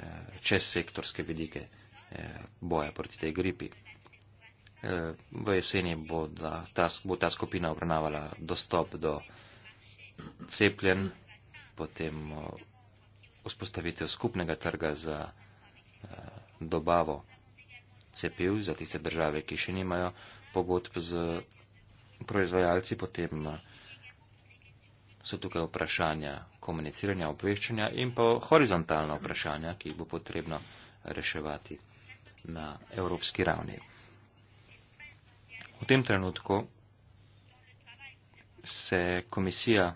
Eh, čez sektorske vidike eh, boja proti tej gripi. Eh, v jeseni bo, da, ta, bo ta skupina obravnavala dostop do cepljen, potem vzpostavitev skupnega trga za dobavo cepiv za tiste države, ki še nimajo pogodb z proizvajalci, potem so tukaj vprašanja komuniciranja, obveščanja in pa horizontalna vprašanja, ki jih bo potrebno reševati na evropski ravni. V tem trenutku se komisija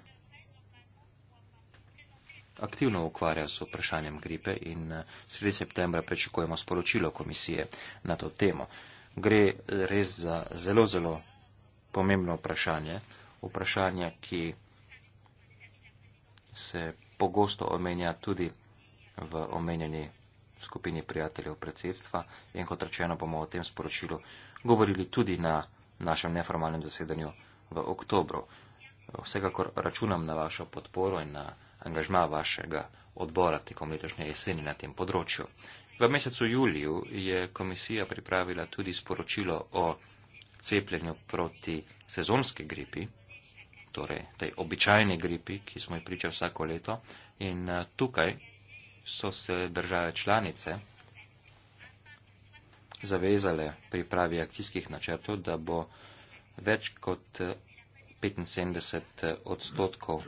aktivno ukvarja s vprašanjem gripe in eh, sredi septembra prečakujemo sporočilo komisije na to temo. Gre res za zelo, zelo pomembno vprašanje, vprašanje, ki se pogosto omenja tudi v omenjeni skupini prijateljev predsedstva in kot rečeno bomo o tem sporočilu govorili tudi na našem neformalnem zasedanju v oktobru. Vsekakor računam na vašo podporo in na angažma vašega odbora tekom letošnje jeseni na tem področju. V mesecu juliju je komisija pripravila tudi sporočilo o cepljenju proti sezonske gripi, torej tej običajni gripi, ki smo ji priča vsako leto. In eh, tukaj so se države članice zavezale pripravi akcijskih načrtov, da bo več kot 75 eh, eh, odstotkov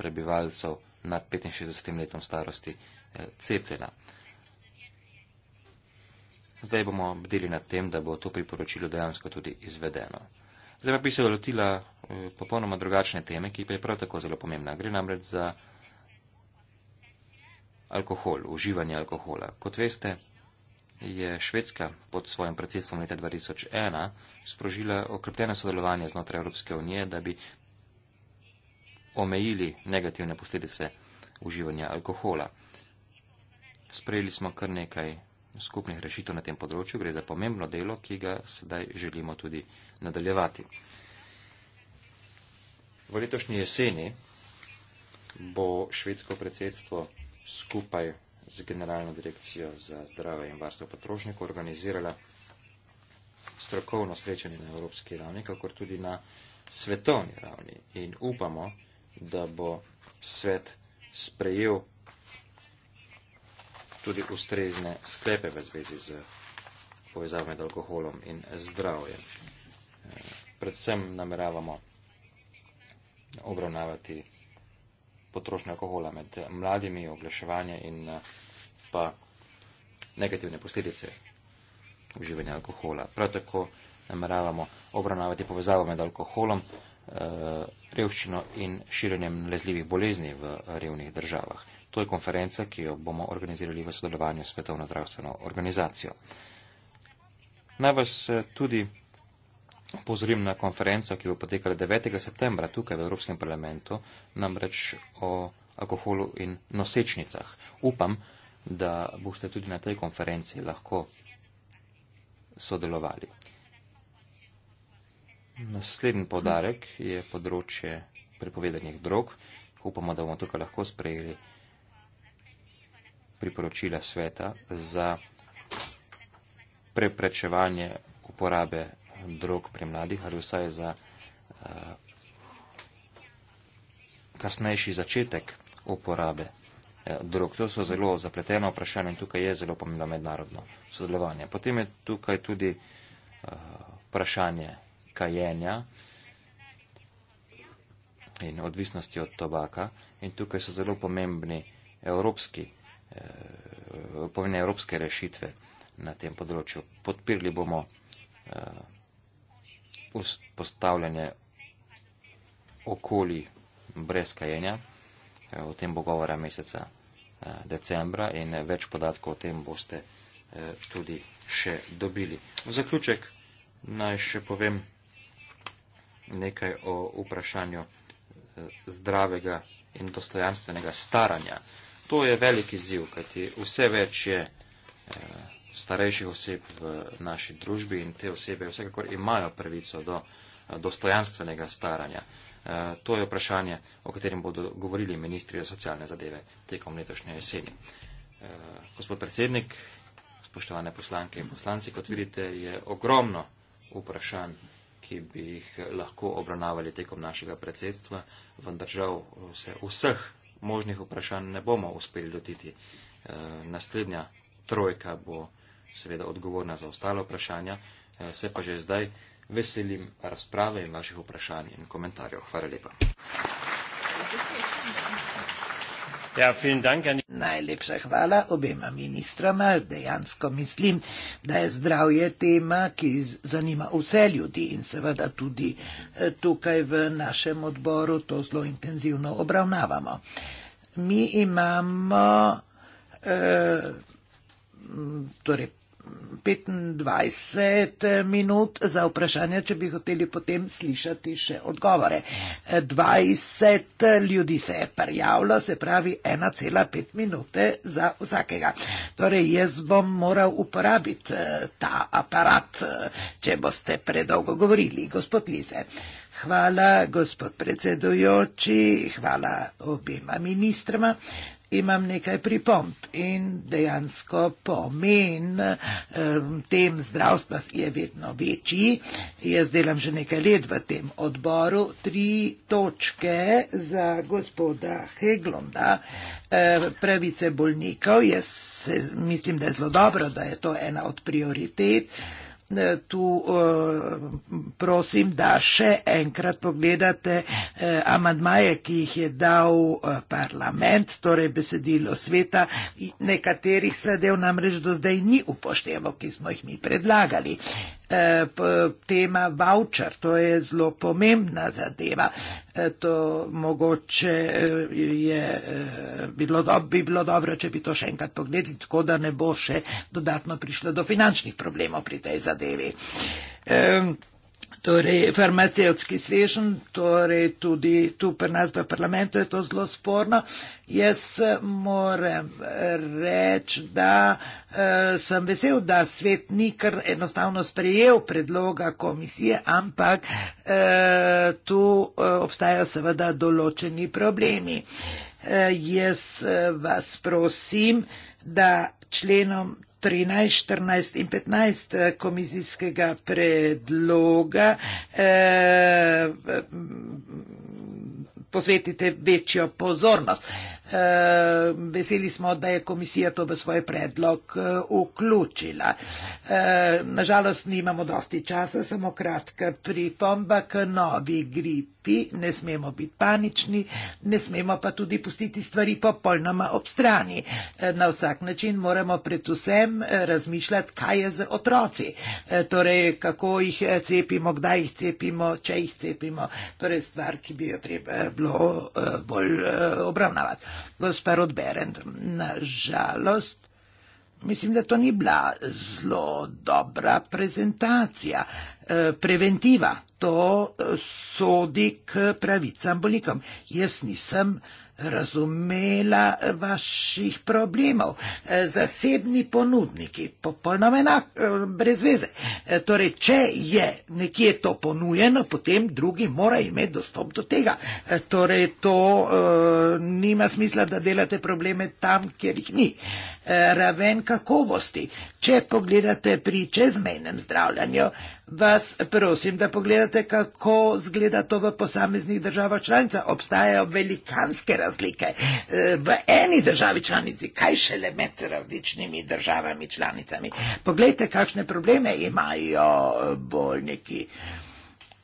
prebivalcev nad 65 letom starosti cepljena. Zdaj bomo bdeli nad tem, da bo to priporočilo dejansko tudi izvedeno. Zdaj pa bi se lotila Eh, popolnoma drugačne teme, ki pa je prav tako zelo pomembna. Gre namreč za alkohol, uživanje alkohola. Kot veste, je Švedska pod svojim predsedstvom leta 2001 sprožila okrepljeno sodelovanje znotraj Evropske unije, da bi omejili negativne posledice uživanja alkohola. Sprejeli smo kar nekaj skupnih rešitev na tem področju, gre za pomembno delo, ki ga sedaj želimo tudi nadaljevati. V letošnji jeseni bo švedsko predsedstvo skupaj z Generalno direkcijo za zdrave in varstvo potrošnikov organizirala strokovno srečanje na evropski ravni, kako tudi na svetovni ravni. In upamo, da bo svet sprejel tudi ustrezne sklepe v zvezi z povezavami med alkoholom in zdravjem. Eh, predvsem nameravamo obravnavati potrošnje alkohola med mladimi, oglaševanje in eh, pa negativne posledice uživanja alkohola. Prav tako nameravamo obravnavati povezavo med alkoholom, eh, revščino in širjenjem nalezljivih bolezni v revnih državah. To je konferenca, ki jo bomo organizirali v sodelovanju s Svetovno zdravstveno organizacijo. Naj vas eh, tudi Pozorim na konferenco, ki bo potekala 9. septembra tukaj v Evropskem parlamentu, namreč o alkoholu in nosečnicah. Upam, da boste tudi na tej konferenci lahko sodelovali. Naslednji podarek je področje prepovedanih drog. Upamo, da bomo tukaj lahko sprejeli priporočila sveta za preprečevanje uporabe drog pri mladih ali vsaj za eh, kasnejši začetek uporabe eh, drog. To so zelo zapletena vprašanja in tukaj je zelo pomembno mednarodno sodelovanje. Potem je tukaj tudi eh, vprašanje kajenja in odvisnosti od tobaka in tukaj so zelo pomembni evropski, pomembne evropske rešitve na tem področju. Podpirli bomo postavljanje okoli brez kajenja. Eh, o tem bo govora meseca eh, decembra in eh, več podatkov o tem boste tudi še dobili. V zaključek naj še povem nekaj o vprašanju zdravega in dostojanstvenega staranja. To je velik izziv, kajti vse več je starejših oseb v naši družbi in te osebe vsekakor imajo pravico do eh, dostojanstvenega staranja. Eh, to je vprašanje, o katerem bodo govorili ministri za socialne zadeve tekom letošnje jeseni. Eh, gospod predsednik, spoštovane poslanke in poslanci, kot vidite, je ogromno vprašanj, ki bi jih lahko obravnavali tekom našega predsedstva, vendar žal se vseh možnih vprašanj ne bomo uspeli lotiti. Naslednja trojka bo seveda odgovorna za ostalo vprašanja, eh, se pa že zdaj veselim razprave in vaših vprašanj in komentarjev. Hvala lepa. Ja, dank, Ani... Najlepša hvala obema ministrama. Dejansko mislim, da je zdravje tema, ki zanima vse ljudi in seveda tudi eh, tukaj v našem odboru to zelo intenzivno obravnavamo. Mi imamo eh, torej 25 minut za vprašanje, če bi hoteli potem slišati še odgovore. 20 ljudi se je prijavilo, se pravi 1,5 minute za vsakega. Torej, jaz bom moral uporabiti eh, ta aparat, eh, če boste predolgo govorili, gospod Lise. Hvala, gospod predsedujoči, hvala obima ministrama imam nekaj pripomp in dejansko pomen tem zdravstva je vedno večji. Jaz delam že nekaj let v tem odboru. Tri točke za gospoda Heglonda. Pravice bolnikov, jaz se, mislim, da je zelo dobro, da je to ena od prioritet. E, tu e, prosim, da še enkrat pogledate e, amadmaje, ki jih je dal parlament, torej besedilo sveta, nekaterih sledev namreč do zdaj ni upoštevo, ki smo jih mi predlagali. Eh, tema voucher, to je zelo pomembna zadeva. Eh, to mogoče eh, je bilo, bi bilo dobro, če bi to še enkrat pogledali, tako da ne bo še dodatno prišlo do finančnih problemov pri tej zadevi torej farmacevtski svežen, torej tudi tu pri nas v parlamentu je to zelo sporno. Jaz moram reči, da eh, sem vesel, da svet ni kar enostavno sprejel predloga komisije, ampak eh, tu eh, obstajajo seveda določeni problemi. Eh, jaz eh, vas prosim, da členom 13, 14 in 15 komisijskega predloga eh, posvetite večjo pozornost. Eh, veseli smo, da je komisija to v svoj predlog eh, vključila. Eh, Nažalost, nimamo dosti časa, samo kratka pripomba k novi gripi. Ne smemo biti panični, ne smemo pa tudi pustiti stvari popolnoma ob strani. Na vsak način moramo predvsem razmišljati, kaj je z otroci. Torej, kako jih cepimo, kdaj jih cepimo, če jih cepimo. Torej, stvar, ki bi jo treba bolj obravnavati gospa Rodberend, na žalost, mislim, da to ni bila zelo dobra prezentacija. E, preventiva, to e, sodi k pravicam bolnikom. Jaz nisem razumela vaših problemov. Zasebni ponudniki, popolnoma enak, brez veze. Torej, če je nekje to ponujeno, potem drugi mora imeti dostop do tega. Torej, to eh, nima smisla, da delate probleme tam, kjer jih ni. Eh, raven kakovosti. Če pogledate pri čezmejnem zdravljanju, vas prosim, da pogledate, kako zgleda to v posameznih državah članica. Obstajajo velikanske razlike eh, v eni državi članici, kaj šele med različnimi državami članicami. Poglejte, kakšne probleme imajo bolniki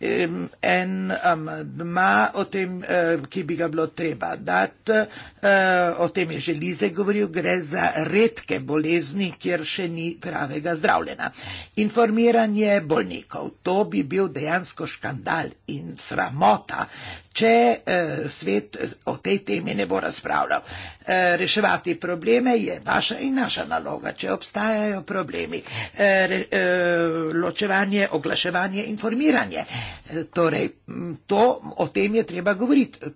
en amandma o tem, eh, ki bi ga bilo treba dati, eh, o tem je že Lize govoril, gre za redke bolezni, kjer še ni pravega zdravljena. Informiranje bolnikov, to bi bil dejansko škandal in sramota, če eh, svet eh, o tej temi ne bo razpravljal. Eh, reševati probleme je vaša in naša naloga, če obstajajo problemi. Eh, re, eh, ločevanje, oglaševanje, informiranje. Eh, torej, to, o tem je treba govoriti.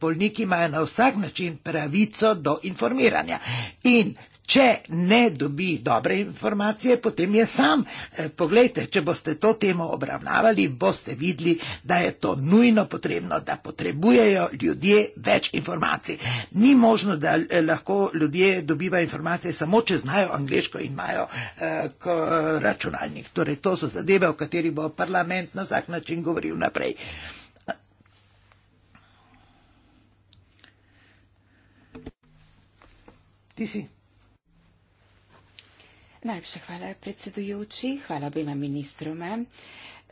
Polniki imajo na vsak način pravico do informiranja. In Če ne dobi dobre informacije, potem je sam. E, poglejte, če boste to temo obravnavali, boste videli, da je to nujno potrebno, da potrebujejo ljudje več informacij. Ni možno, da e, lahko ljudje dobivajo informacije samo, če znajo angliško in imajo e, eh, k, računalnik. Torej, to so zadeve, o katerih bo parlament na vsak način govoril naprej. Ti si? Najlepša hvala, predsedujoči. Hvala obima ministrome.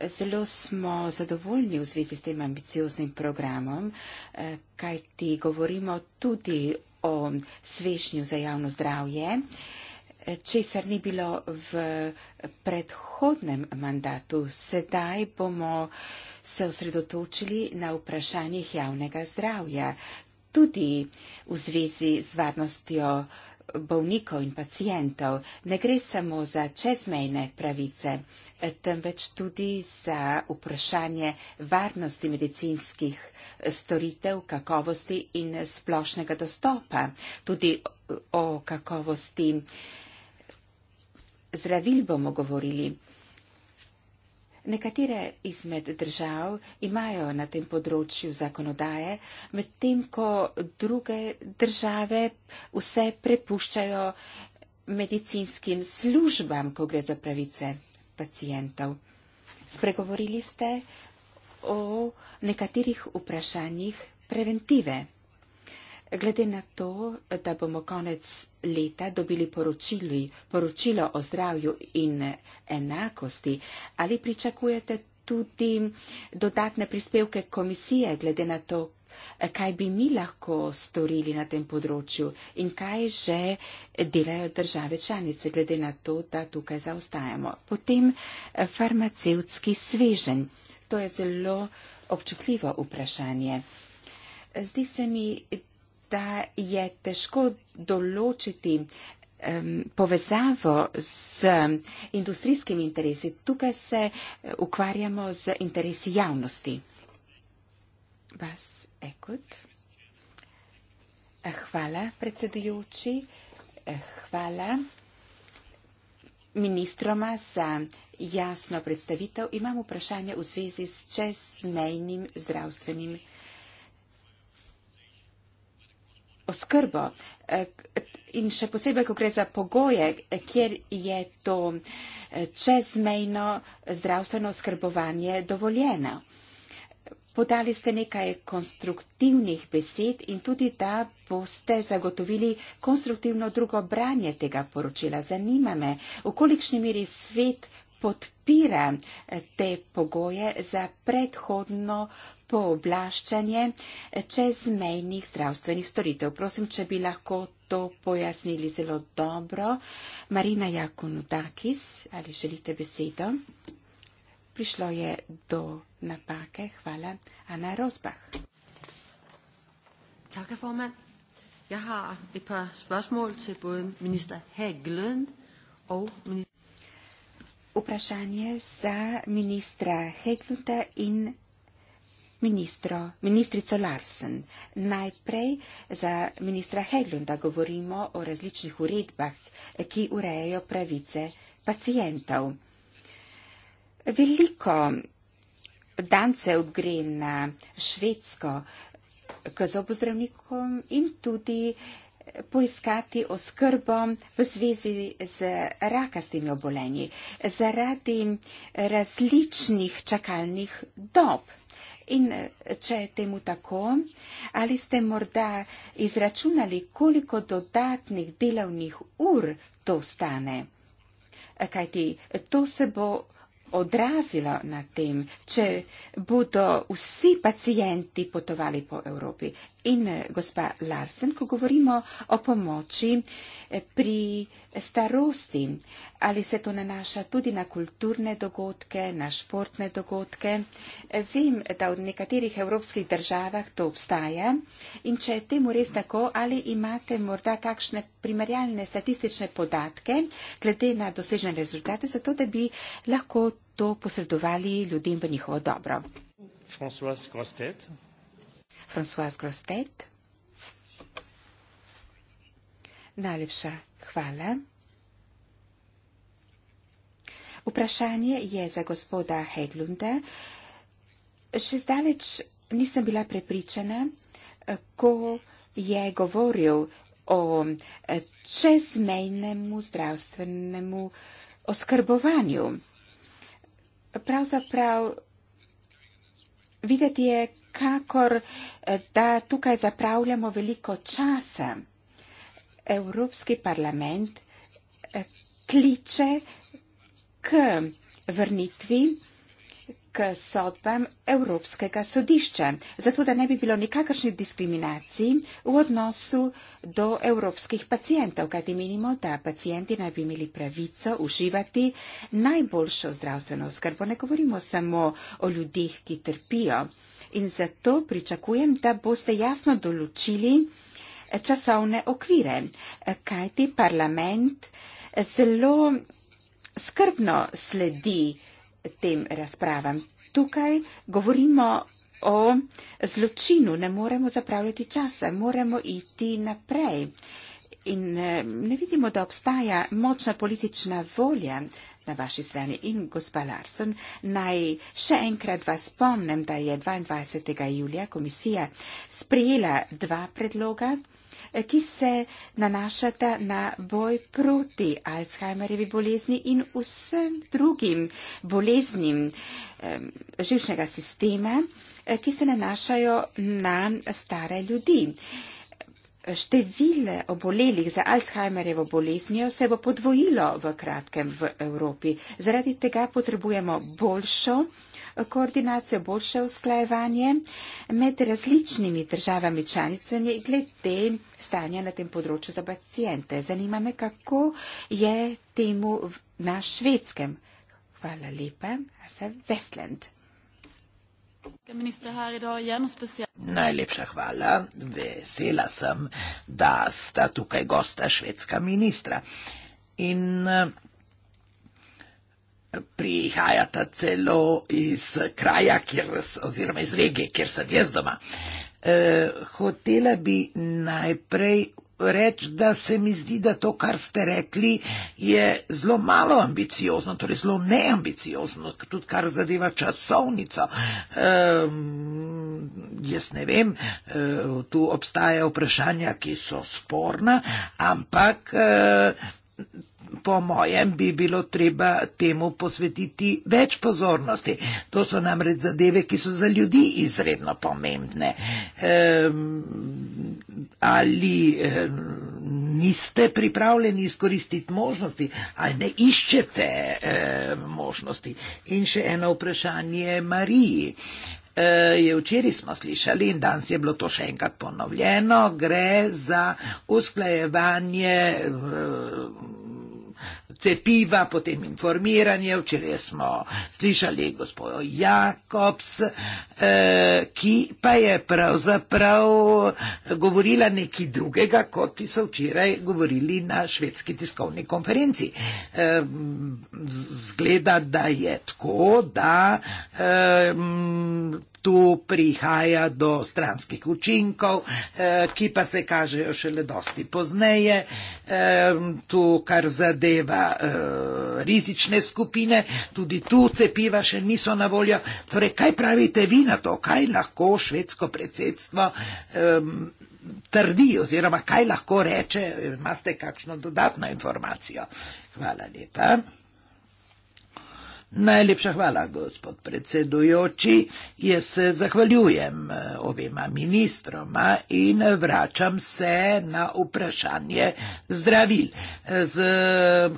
Zelo smo zadovoljni v zvezi s tem ambicioznim programom, eh, kaj ti govorimo tudi o svešnju za javno zdravje, eh, česar ni bilo v predhodnem mandatu. Sedaj bomo se osredotočili na vprašanjih javnega zdravja, tudi v zvezi z varnostjo bovnikov in pacijentov, ne gre samo za čezmejne pravice, temveč tudi za vprašanje varnosti medicinskih storitev, kakovosti in splošnega dostopa, tudi o kakovosti zdravil bomo govorili. Nekatere izmed držav imajo na tem področju zakonodaje, medtem ko druge države vse prepuščajo medicinskim službam, ko gre za pravice pacijentov. Spregovorili ste o nekaterih vprašanjih preventive. Glede na to, da bomo konec leta dobili poročili, poročilo o zdravju in enakosti, ali pričakujete tudi dodatne prispevke komisije, glede na to, kaj bi mi lahko storili na tem področju in kaj že delajo države članice, glede na to, da tukaj zaostajamo. Potem eh, farmacevtski svežen. To je zelo občutljivo vprašanje. Zdi se mi, da je težko določiti um, povezavo z industrijskimi interesi. Tukaj se eh, ukvarjamo z interesi javnosti. Vas ekot. Eh, hvala, predsedujoči. Eh, hvala ministroma za jasno predstavitev. Imam vprašanje v zvezi s čezmejnim zdravstvenim. oskrbo e, in še posebej, ko gre za pogoje, e, kjer je to e, čezmejno zdravstveno oskrbovanje dovoljeno. Podali ste nekaj konstruktivnih besed in tudi, da boste zagotovili konstruktivno drugo branje tega poročila. Zanima me, v kolikšni miri svet podpira te pogoje za predhodno pooblaščanje čezmejnih zdravstvenih storitev. Prosim, če bi lahko to pojasnili zelo dobro. Marina Jakunudakis, ali želite besedo? Prišlo je do napake. Hvala. Ana Rozbah. Tako, formand. Ja, ha, epa, spørgsmål til både minister Haglund og minister... Vprašanje za ministra Heglunda in ministro, ministrico Larsen. Najprej za ministra Heglunda govorimo o različnih uredbah, ki urejajo pravice pacijentov. Veliko dancev gre na švedsko k zobozdravnikom in tudi poiskati oskrbo v zvezi z rakastimi obolenji zaradi različnih čakalnih dob. In eh, če je temu tako, ali ste morda izračunali, koliko dodatnih delovnih ur to stane? Eh, kajti eh, to se bo odrazilo na tem, če bodo vsi pacijenti potovali po Evropi. In eh, gospa Larsen, ko govorimo o pomoči eh, pri starosti, ali se to nanaša tudi na kulturne dogodke, na športne dogodke? Eh, vem, da v nekaterih evropskih državah to obstaja in če je temu res tako, ali imate morda kakšne primerjalne statistične podatke glede na dosežene rezultate, zato da bi lahko to posredovali ljudem v njihovo dobro. Françoise Grostet. Najlepša hvala. Vprašanje je za gospoda Heglunda. Še zdaleč nisem bila prepričana, eh, ko je govoril o eh, čezmejnemu zdravstvenemu oskrbovanju. Pravzaprav videti je, kakor eh, da tukaj zapravljamo veliko časa. Evropski parlament eh, kliče k vrnitvi k sodbam Evropskega sodišča, zato da ne bi bilo nikakršnih diskriminacij v odnosu do evropskih pacijentov, kajti menimo, da pacijenti naj bi imeli pravico uživati najboljšo zdravstveno skrbo. Ne govorimo samo o ljudeh, ki trpijo. In zato pričakujem, da boste jasno določili časovne okvire, kajti parlament zelo skrbno sledi tem razpravam. Tukaj govorimo o zločinu, ne moremo zapravljati časa, moremo iti naprej. In eh, ne vidimo, da obstaja močna politična volja na vaši strani. In gospa Larson, naj še enkrat vas spomnem, da je 22. julija komisija sprejela dva predloga. Eh, ki se nanašata na boj proti Alzheimerjevi bolezni in vsem drugim boleznim živčnega sistema, eh, ki se nanašajo na stare ljudi. Števile obolelih za Alzheimerjevo boleznjo se bo podvojilo v kratkem v Evropi. Zaradi tega potrebujemo boljšo koordinacijo, boljše usklajevanje med različnimi državami članicami glede stanja na tem področju za pacijente. Zanima me, kako je temu na švedskem. Hvala lepa, Asa Westland. Najlepša hvala, vesela sem, da sta tukaj gosta švedska ministra. In eh, prihajata celo iz kraja, kjer, oziroma iz regije, kjer sem jaz doma. E, hotela bi najprej reči, da se mi zdi, da to, kar ste rekli, je zelo malo ambiciozno, torej zelo neambiciozno, tudi kar zadeva časovnico. E, jaz ne vem, e, tu obstajajo vprašanja, ki so sporna, ampak. E, po mojem bi bilo treba temu posvetiti več pozornosti. To so namreč zadeve, ki so za ljudi izredno pomembne. Ehm, ali ehm, niste pripravljeni izkoristiti možnosti, ali ne iščete ehm, možnosti? In še eno vprašanje Mariji. Je včeraj smo slišali in danes je bilo to še enkrat ponovljeno, gre za usklajevanje cepiva, potem informiranje. Včeraj smo slišali gospod Jakobs, eh, ki pa je pravzaprav govorila nekaj drugega, kot so včeraj govorili na švedski tiskovni konferenci. Eh, zgleda, da je tako, da eh, tu prihaja do stranskih učinkov, eh, ki pa se kažejo šele dosti pozneje, eh, tu kar zadeva eh, rizične skupine, tudi tu cepiva še niso na voljo. Torej, kaj pravite vi na to, kaj lahko švedsko predsedstvo trdi oziroma kaj lahko reče, imate kakšno dodatno informacijo. Hvala lepa. Najlepša hvala, gospod predsedujoči. Jaz se zahvaljujem eh, obima ministroma in vračam se na vprašanje zdravil. Eh, z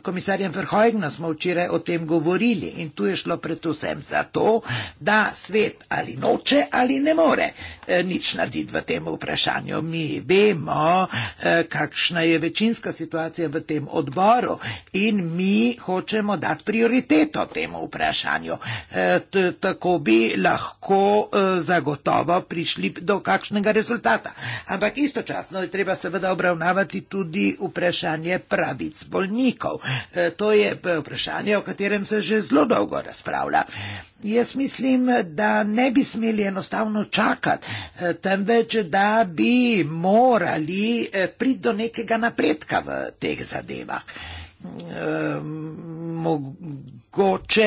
komisarjem Verhojgno smo včeraj o tem govorili in tu je šlo predvsem za to, da svet ali noče ali ne more eh, nič narediti v tem vprašanju. Mi vemo, kakšna je večinska situacija v tem odboru in mi hočemo dati prioriteto temu vprašanju. E, tako bi lahko e, zagotovo prišli do kakšnega rezultata. Ampak istočasno je treba seveda obravnavati tudi vprašanje pravic bolnikov. E, to je vprašanje, o katerem se že zelo dolgo razpravlja. Jaz mislim, da ne bi smeli enostavno čakati, temveč da bi morali priti do nekega napredka v teh zadevah. Ehm, mogoče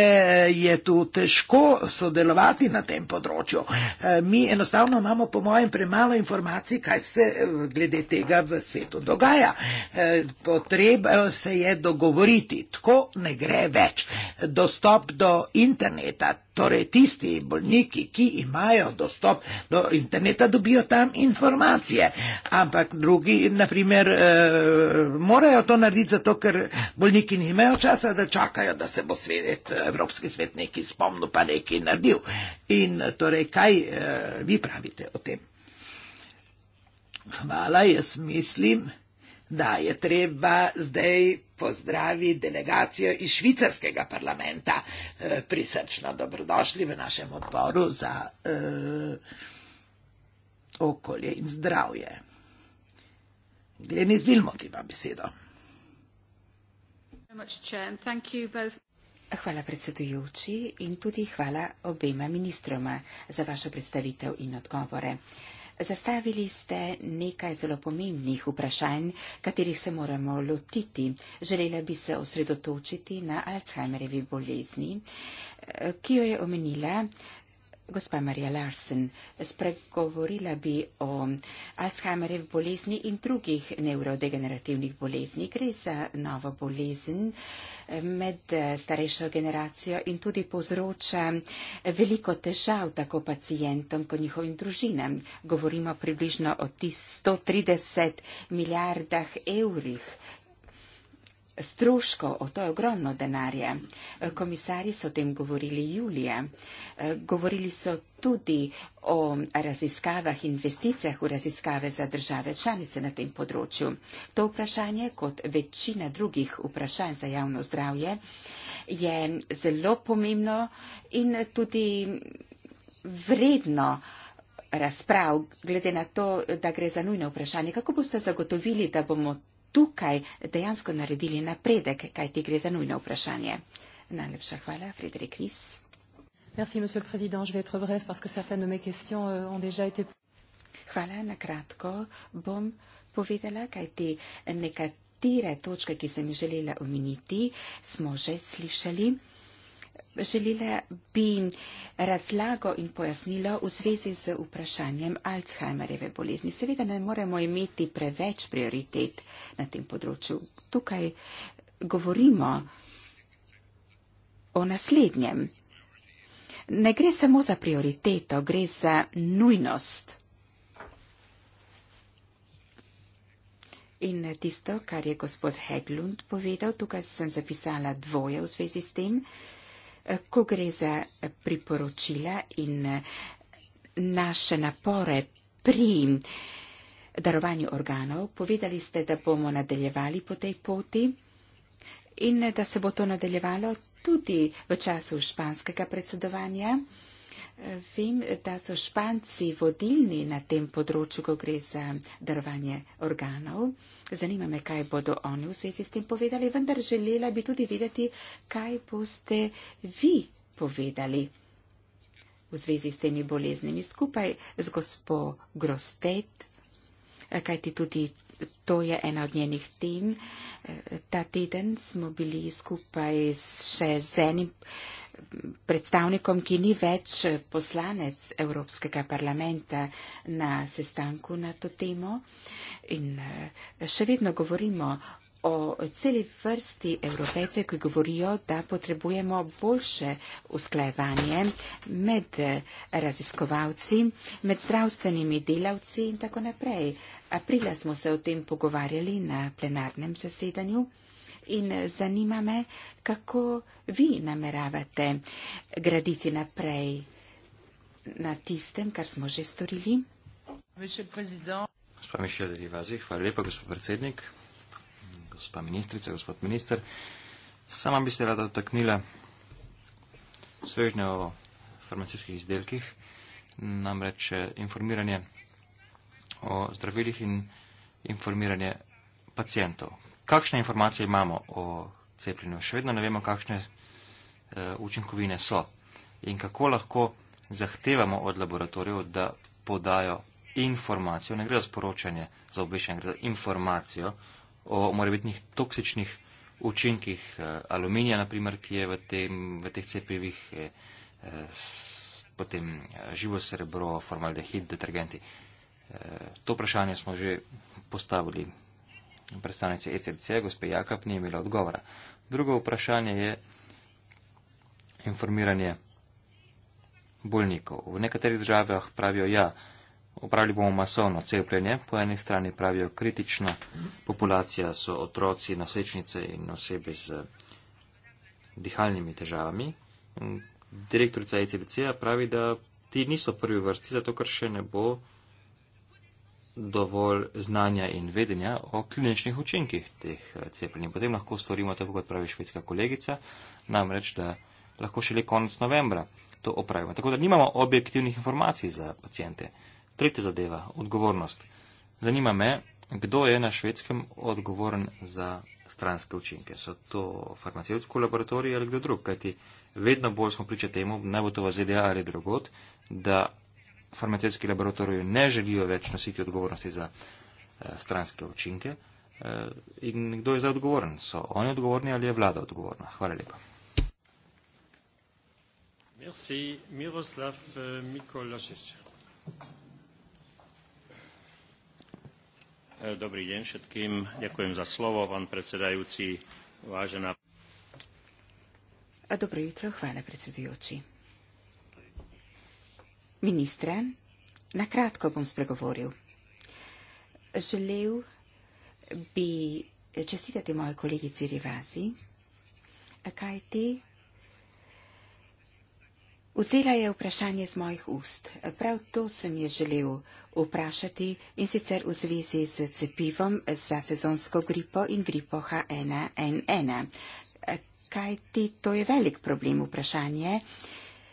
je tu težko sodelovati na tem področju. Ehm, mi enostavno imamo, po mojem, premalo informacij, kaj se eh, glede tega v svetu dogaja. Ehm, potreba se je dogovoriti, tako ne gre več. Dostop do interneta, Torej, tisti bolniki, ki imajo dostop do interneta, dobijo tam informacije, ampak drugi, naprimer, e, eh, morajo to narediti zato, ker bolniki nimajo časa, da čakajo, da se bo svet, eh, Evropski svet nekaj spomnil, pa nekaj naredil. In torej, kaj e, vi pravite o tem? Hvala, jaz mislim da je treba zdaj pozdravi delegacijo iz švicarskega parlamenta. E, prisrčno dobrodošli v našem odboru za eh, okolje in zdravje. Glenis Vilmok ima besedo. Hvala predsedujoči in tudi hvala obema ministroma za vašo predstavitev in odgovore. Eh, Zastavili ste nekaj zelo pomembnih vprašanj, katerih se moramo lotiti. Želela bi se osredotočiti na Alzheimerjevi bolezni, ki jo je omenila Gospa Marija Larsen, spregovorila bi o Alzheimerjev bolezni in drugih neurodegenerativnih bolezni. Gre za novo bolezen eh, med eh, starejšo generacijo in tudi povzroča eh, veliko težav tako pacijentom kot njihovim družinam. Govorimo približno o 130 milijardah evrih stroškov, o to je ogromno denarje. Komisari so o tem govorili julije. Govorili so tudi o raziskavah, investicijah v raziskave za države članice na tem področju. To vprašanje, kot večina drugih vprašanj za javno zdravje, je zelo pomembno in tudi vredno razprav, glede na to, da gre za nujno vprašanje. Kako boste zagotovili, da bomo tukaj dejansko naredili napredek, kaj ti gre za nujno vprašanje. Najlepša hvala, Frederik Ris. Merci, monsieur le président. Je vais être bref parce que certaines de mes questions euh, ont déjà été. Hvala na kratko. Bom povedala, kaj ti nekatere točke, ki sem jih želela omeniti, smo že slišali želela bi razlago in pojasnilo v zvezi z vprašanjem Alzheimerjeve bolezni. Seveda ne moremo imeti preveč prioritet na tem področju. Tukaj govorimo o naslednjem. Ne gre samo za prioriteto, gre za nujnost. In tisto, kar je gospod Heglund povedal, tukaj sem zapisala dvoje v zvezi s tem ko gre za priporočila in eh, naše napore pri darovanju organov. Povedali ste, da bomo nadaljevali po tej poti in eh, da se bo to nadaljevalo tudi v času španskega predsedovanja. Vem, da so Španci vodilni na tem področju, ko gre za darovanje organov. Zanima me, kaj bodo oni v zvezi s tem povedali, vendar želela bi tudi vedeti, kaj boste vi povedali v zvezi s temi boleznimi skupaj z gospo Grostet, kajti tudi to je ena od njenih tem. Ta teden smo bili skupaj še z enim predstavnikom, ki ni več poslanec Evropskega parlamenta na sestanku na to temo. In eh, še vedno govorimo o celi vrsti evropejcev, ki govorijo, da potrebujemo boljše usklajevanje med eh, raziskovalci, med zdravstvenimi delavci in tako naprej. Aprila smo se o tem pogovarjali na plenarnem zasedanju in eh, zanima me, kako vi nameravate graditi naprej na tistem, kar smo že storili. Gospa Mišel Derivazih, hvala lepa, gospod predsednik, gospa ministrica, gospod minister. Sama bi se rada dotaknila svežnja o farmacijskih izdelkih, namreč eh, informiranje o zdravilih in informiranje pacijentov, Kakšne informacije imamo o cepljenju? Še vedno ne vemo, kakšne e, učinkovine so in kako lahko zahtevamo od laboratorijev, da podajo informacijo, ne gre za sporočanje, za obveščanje, gre za informacijo o morebitnih toksičnih učinkih e, aluminija, naprimer, ki je v, tem, v teh cepivih, e, e, s, potem živo srebro, formaldehid, detergenti. E, to vprašanje smo že postavili predstavnice ECDC, gospe Jakab, ni imela odgovora. Drugo vprašanje je informiranje bolnikov. V nekaterih državah pravijo, ja, upravili bomo masovno cepljenje, po eni strani pravijo kritična populacija, so otroci, nosečnice in osebe z dihalnimi težavami. Direktorica ECDC pravi, da ti niso prvi vrsti, zato ker še ne bo dovolj znanja in vedenja o kliničnih učinkih teh eh, cepljenj. Potem lahko storimo tako, kot pravi švedska kolegica, namreč, da lahko šele konec novembra to opravimo. Tako da nimamo objektivnih informacij za pacijente. Tretja zadeva, odgovornost. Zanima me, kdo je na švedskem odgovoren za stranske učinke. So to farmacevtsko laboratorijo ali kdo drug? Kajti vedno bolj smo priča temu, naj bo to v ZDA ali drugot, da farmacevtski laboratoriji ne želijo več nositi odgovornosti za eh, stranske učinke. Eh, in kdo je zdaj odgovoren? So oni odgovorni ali je vlada odgovorna? Hvala lepa. Merci, Miroslav eh, Mikološič. Dobrý deň všetkým. Ďakujem za slovo, pán predsedajúci. Vážená. A dobro jutro, hvala predsedujoči. Ministre, nakratko bom spregovoril. Želel bi čestitati moje kolegici Rivazi, kaj ti vzela je vprašanje z mojih ust. Prav to sem je želel vprašati in sicer v zvezi z cepivom za sezonsko gripo in gripo H1N1. Kaj ti to je velik problem vprašanje?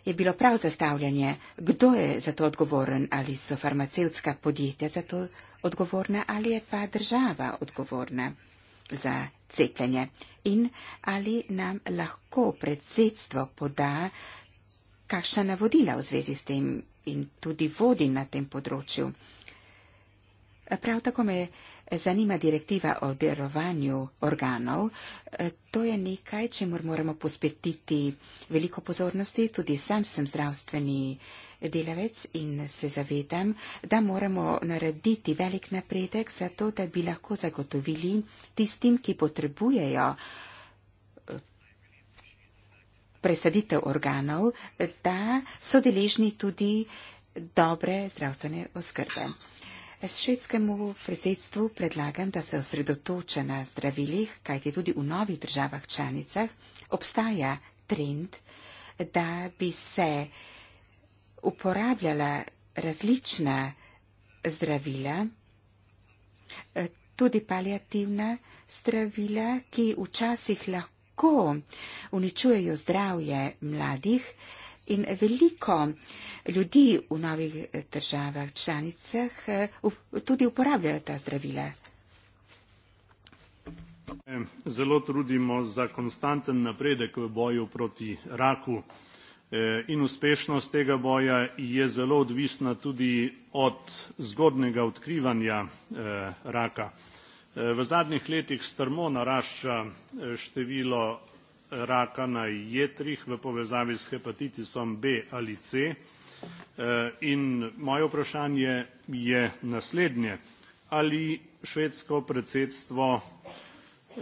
je bilo prav zastavljanje, kdo je za to odgovoren, ali so farmacevtska podjetja za to odgovorna, ali je pa država odgovorna za cepljenje in ali nam lahko predsedstvo poda kakšna navodila v zvezi s tem in tudi vodi na tem področju. Prav tako me zanima direktiva o darovanju organov. To je nekaj, čemu moramo pospetiti veliko pozornosti. Tudi sam sem zdravstveni delavec in se zavedam, da moramo narediti velik napredek za to, da bi lahko zagotovili tistim, ki potrebujejo eh, presaditev organov, da so deležni tudi dobre zdravstvene oskrbe. Švedskemu predsedstvu predlagam, da se osredotoče na zdravilih, kajti tudi v novih državah članicah obstaja trend, da bi se uporabljala različna zdravila, tudi palijativna zdravila, ki včasih lahko uničujejo zdravje mladih in veliko ljudi v novih državah članicah eh, tudi uporabljajo ta zdravila. Eh, zelo trudimo za konstanten napredek v boju proti raku eh, in uspešnost tega boja je zelo odvisna tudi od zgodnega odkrivanja raka. V zadnjih letih strmo narašča število raka na jetrih v povezavi s hepatitisom B ali C. Eh, in moje vprašanje je naslednje. Ali švedsko predsedstvo eh,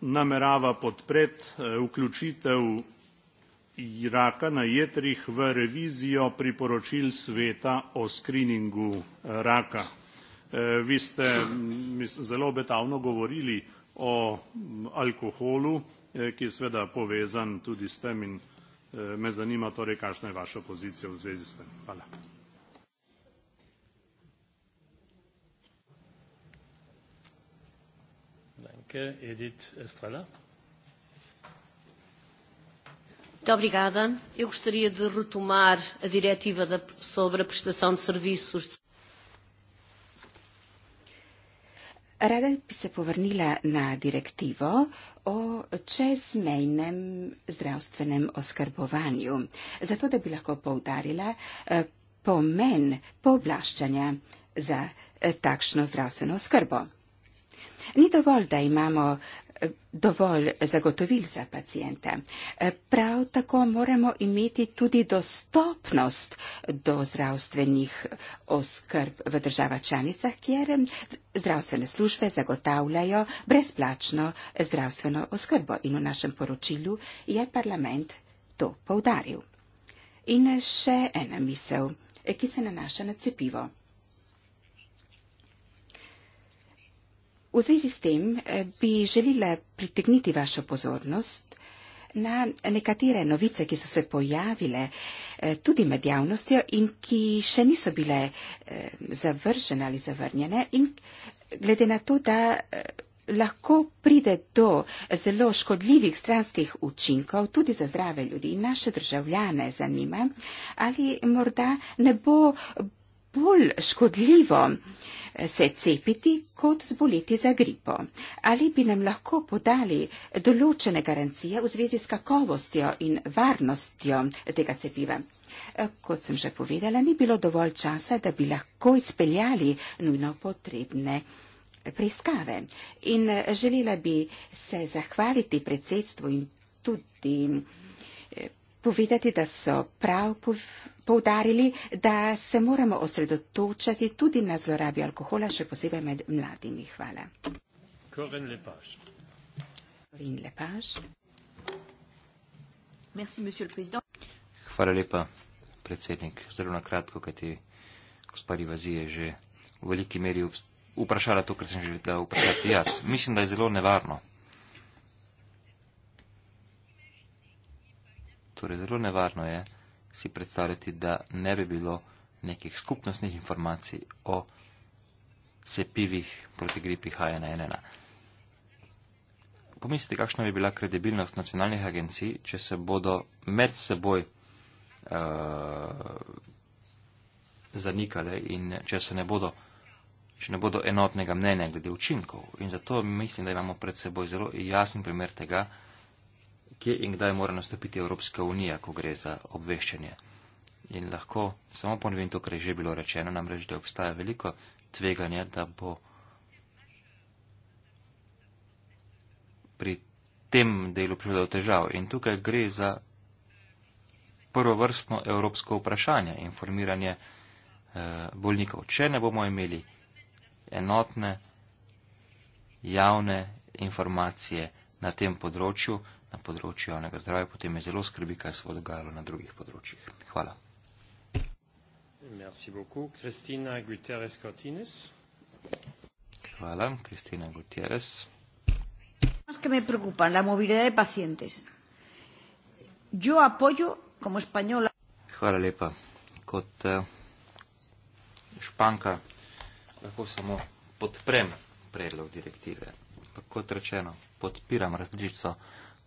namerava podpreti eh, vključitev raka na jetrih v revizijo priporočil sveta o skriningu raka? Vi ste mm, zelo obetavno govorili o alkoholu, ki je seveda povezan tudi s tem in eh, me zanima torej, kakšna je vaša pozicija v zvezi s tem. Hvala. Obrigada. Eu gostaria de retomar a diretiva da, sobre a prestação de serviços. Rada bi se povrnila na direktivo o čezmejnem zdravstvenem oskrbovanju, zato da bi lahko poudarila eh, pomen povlaščanja za eh, takšno zdravstveno oskrbo. Ni dovolj, da imamo dovolj zagotovil za pacijente. Prav tako moramo imeti tudi dostopnost do zdravstvenih oskrb v država članicah, kjer zdravstvene službe zagotavljajo brezplačno zdravstveno oskrbo. In v našem poročilu je parlament to poudaril. In še ena misel, ki se nanaša na cepivo. V zvezi s tem eh, bi želela pritegniti vašo pozornost na nekatere novice, ki so se pojavile eh, tudi med javnostjo in ki še niso bile eh, zavržene ali zavrnjene in glede na to, da lahko pride do zelo škodljivih stranskih učinkov tudi za zdrave ljudi in naše državljane zanima, ali morda ne bo bolj škodljivo eh, se cepiti, kot zboleti za gripo? Ali bi nam lahko podali določene garancije v zvezi s kakovostjo in varnostjo tega cepiva? Eh, kot sem že povedala, ni bilo dovolj časa, da bi lahko izpeljali nujno potrebne preiskave. In eh, želela bi se zahvaliti predsedstvu in tudi povedati, da so prav. Pov poudarili, da se moramo osredotočati tudi na zlorabi alkohola, še posebej med mladimi. Hvala. Hvala lepa, predsednik. Zelo na kratko, kaj ti gospod Ivazi je že v veliki meri vprašala to, kar sem želela vprašati jaz. Mislim, da je zelo nevarno. Torej, zelo nevarno je si predstavljati, da ne bi bilo nekih skupnostnih informacij o cepivih proti gripi H1N1. Pomislite, kakšna bi bila kredibilnost nacionalnih agencij, če se bodo med seboj uh, zanikale in če se ne bodo, če ne bodo enotnega mnenja glede učinkov. In zato mislim, da imamo pred seboj zelo jasen primer tega, kje in kdaj mora nastopiti Evropska unija, ko gre za obveščanje. In lahko samo ponovim to, kar je že bilo rečeno, namreč, da obstaja veliko tveganja, da bo pri tem delu prišlo do težav. In tukaj gre za prvovrstno evropsko vprašanje, informiranje eh, bolnikov. Če ne bomo imeli enotne javne informacije na tem področju, na področju javnega zdravja, potem me zelo skrbi, kaj se bo dogajalo na drugih področjih. Hvala. Hvala, Kristina Gutierrez. Más que me preocupan la movilidad de pacientes. Yo apoyo como española. Hvala lepa. Kot eh, španka lahko samo podprem predlog direktive. Pa kot rečeno, podpiram različico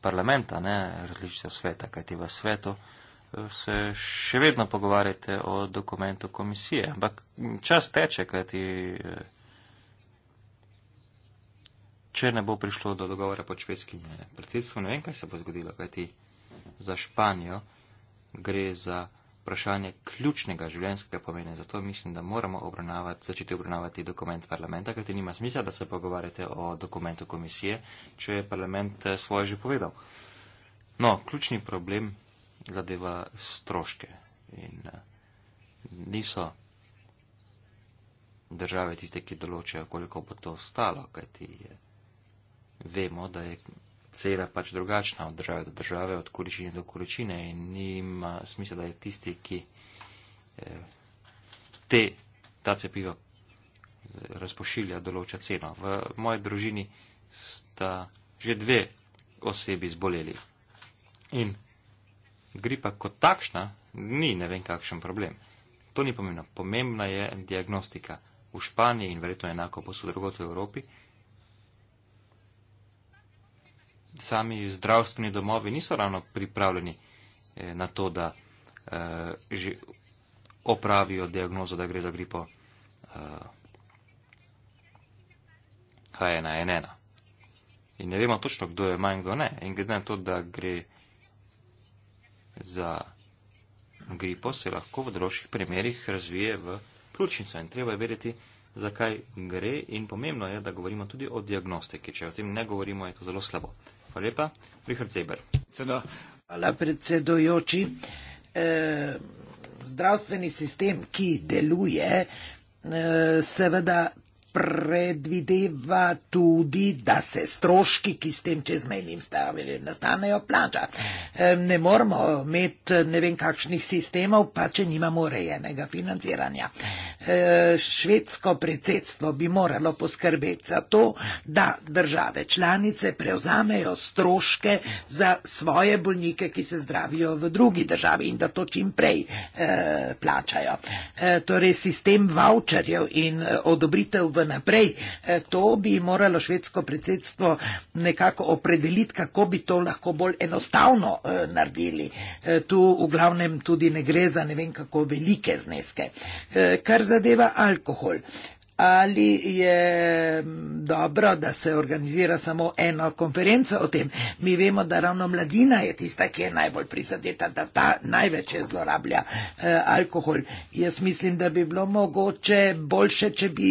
parlamenta, ne različica sveta, kajti v svetu eh, se še vedno pogovarjate o dokumentu komisije. Ampak čas teče, kajti eh, če ne bo prišlo do dogovora pod švedskim eh, predsedstvom, ne vem, kaj se bo zgodilo, kajti za Španijo gre za vprašanje ključnega življenjskega pomena. Zato mislim, da moramo obravnavati, začeti obravnavati dokument parlamenta, ker ti nima smisla, da se pogovarjate o dokumentu komisije, če je parlament eh, svoje že povedal. No, ključni problem zadeva stroške in eh, niso države tiste, ki določajo, koliko bo to stalo, kajti eh, vemo, da je cera pač drugačna od države do države, od količine do količine in nima smisla, da je tisti, ki eh, te, ta cepiva razpošilja, določa ceno. V moji družini sta že dve osebi zboleli in gripa kot takšna ni ne vem kakšen problem. To ni pomembno. Pomembna je diagnostika. V Španiji in verjetno enako posod drugot v Evropi sami zdravstveni domovi niso ravno pripravljeni eh, na to, da eh, že opravijo diagnozo, da gre za gripo H1N1. Eh, in ne vemo točno, kdo je manj, kdo ne. In glede na to, da gre za gripo, se lahko v drugih primerjih razvije v pljučnico. In treba je vedeti, zakaj gre. In pomembno je, da govorimo tudi o diagnostiki. Če o tem ne govorimo, je to zelo slabo. Hvala lepa. Richard Zeber. Cedo. Hvala predsedujoči. E, zdravstveni sistem, ki deluje, e, seveda predvideva tudi, da se stroški, ki s tem čezmejnim staravljenjem nastanejo, plača. Ne moramo imeti ne vem kakšnih sistemov, pa če nimamo urejenega financiranja. E, švedsko predsedstvo bi moralo poskrbeti za to, da države članice prevzamejo stroške za svoje bolnike, ki se zdravijo v drugi državi in da to čim prej e, plačajo. E, torej, sistem voucherjev in odobritev v naprej. E, to bi moralo švedsko predsedstvo nekako opredeliti, kako bi to lahko bolj enostavno e, naredili. E, tu v glavnem tudi ne gre za ne vem kako velike zneske. Kar zadeva alkohol ali je mm, dobro, da se organizira samo eno konferenco o tem. Mi vemo, da ravno mladina je tista, ki je najbolj prizadeta, da ta največ zlorablja eh, alkohol. Jaz mislim, da bi bilo mogoče boljše, če bi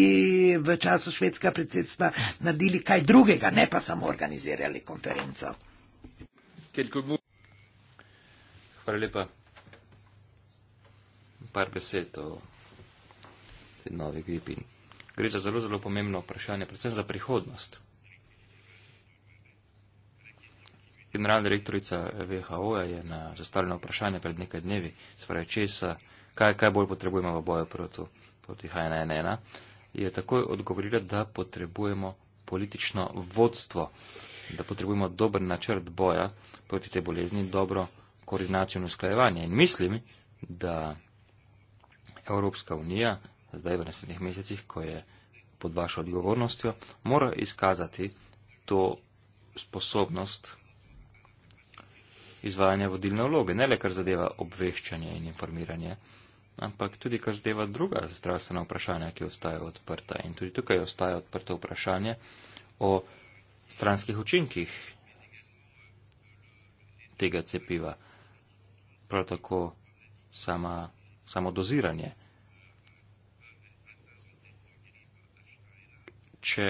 v času švedska predsedstva nadili kaj drugega, ne pa samo organizirali konferenco. Hvala lepa. Par besed o tej novi gripi gre za zelo, zelo pomembno vprašanje, predvsem za prihodnost. Generalna direktorica WHO je na zastavljeno vprašanje pred nekaj dnevi, svoje česa, kaj, kaj bolj potrebujemo v boju proti, proti H1.1, je takoj odgovorila, da potrebujemo politično vodstvo, da potrebujemo dober načrt boja proti te bolezni, dobro koordinacijo in usklajevanje. In mislim, da Evropska unija, zdaj v naslednjih mesecih, ko je pod vašo odgovornostjo, mora izkazati to sposobnost izvajanja vodilne vloge, ne le kar zadeva obveščanje in informiranje, ampak tudi kar zadeva druga zdravstvena vprašanja, ki ostajajo odprta. In tudi tukaj ostaja odprto vprašanje o stranskih učinkih tega cepiva, prav tako sama, samo doziranje. če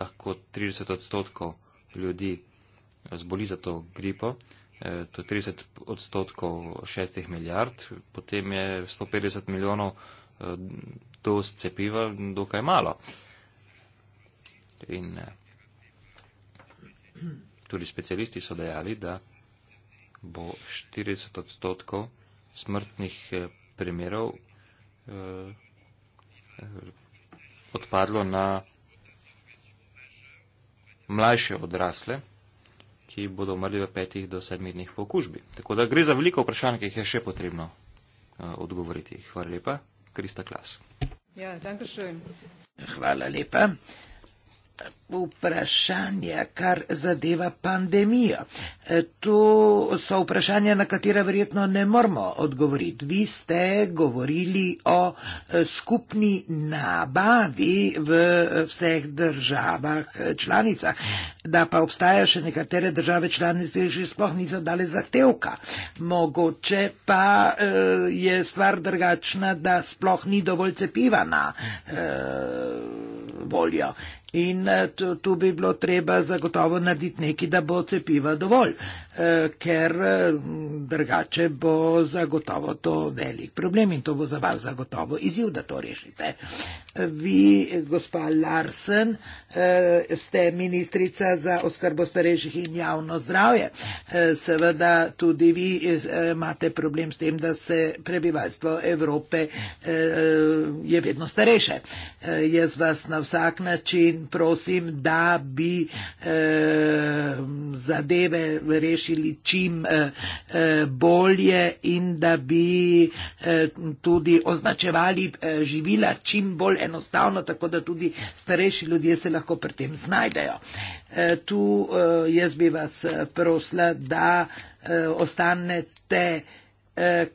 lahko 30 odstotkov ljudi zboli za to gripo, eh, to je 30 odstotkov šestih milijard, potem je 150 milijonov eh, do cepiva dokaj malo. In eh, tudi specialisti so dejali, da bo 40 odstotkov smrtnih primerov odpadlo na mlajše odrasle, ki bodo umrli v petih do sedmih dneh po okužbi. Tako da gre za veliko vprašanj, ki jih je še potrebno uh, odgovoriti. Hvala lepa, Krista Klas. Ja, Hvala lepa vprašanja, kar zadeva pandemijo. E, to so vprašanja, na katera verjetno ne moramo odgovoriti. Vi ste govorili o e, skupni nabavi v e, vseh državah članicah, da pa obstaja še nekatere države članice, že spoh niso dale zahtevka. Mogoče pa je stvar drugačna, da sploh ni dovolj cepiva na voljo. In eh, tu, tu bi bilo treba zagotovo narediti nekaj, da bo cepiva dovolj. Eh, ker eh, drugače bo zagotovo to velik problem in to bo za vas zagotovo izziv, da to rešite. Vi, gospa Larsen, eh, ste ministrica za oskrbo starejših in javno zdravje. Seveda tudi vi imate problem s tem, da se prebivalstvo Evrope je vedno starejše. Jaz vas na vsak način prosim, da bi zadeve rešili rešili čim eh, eh, bolje in da bi eh, tudi označevali živila čim bolj enostavno, tako da tudi starejši ljudje se lahko pri tem znajdejo. Tu jaz bi vas prosila, da ostanete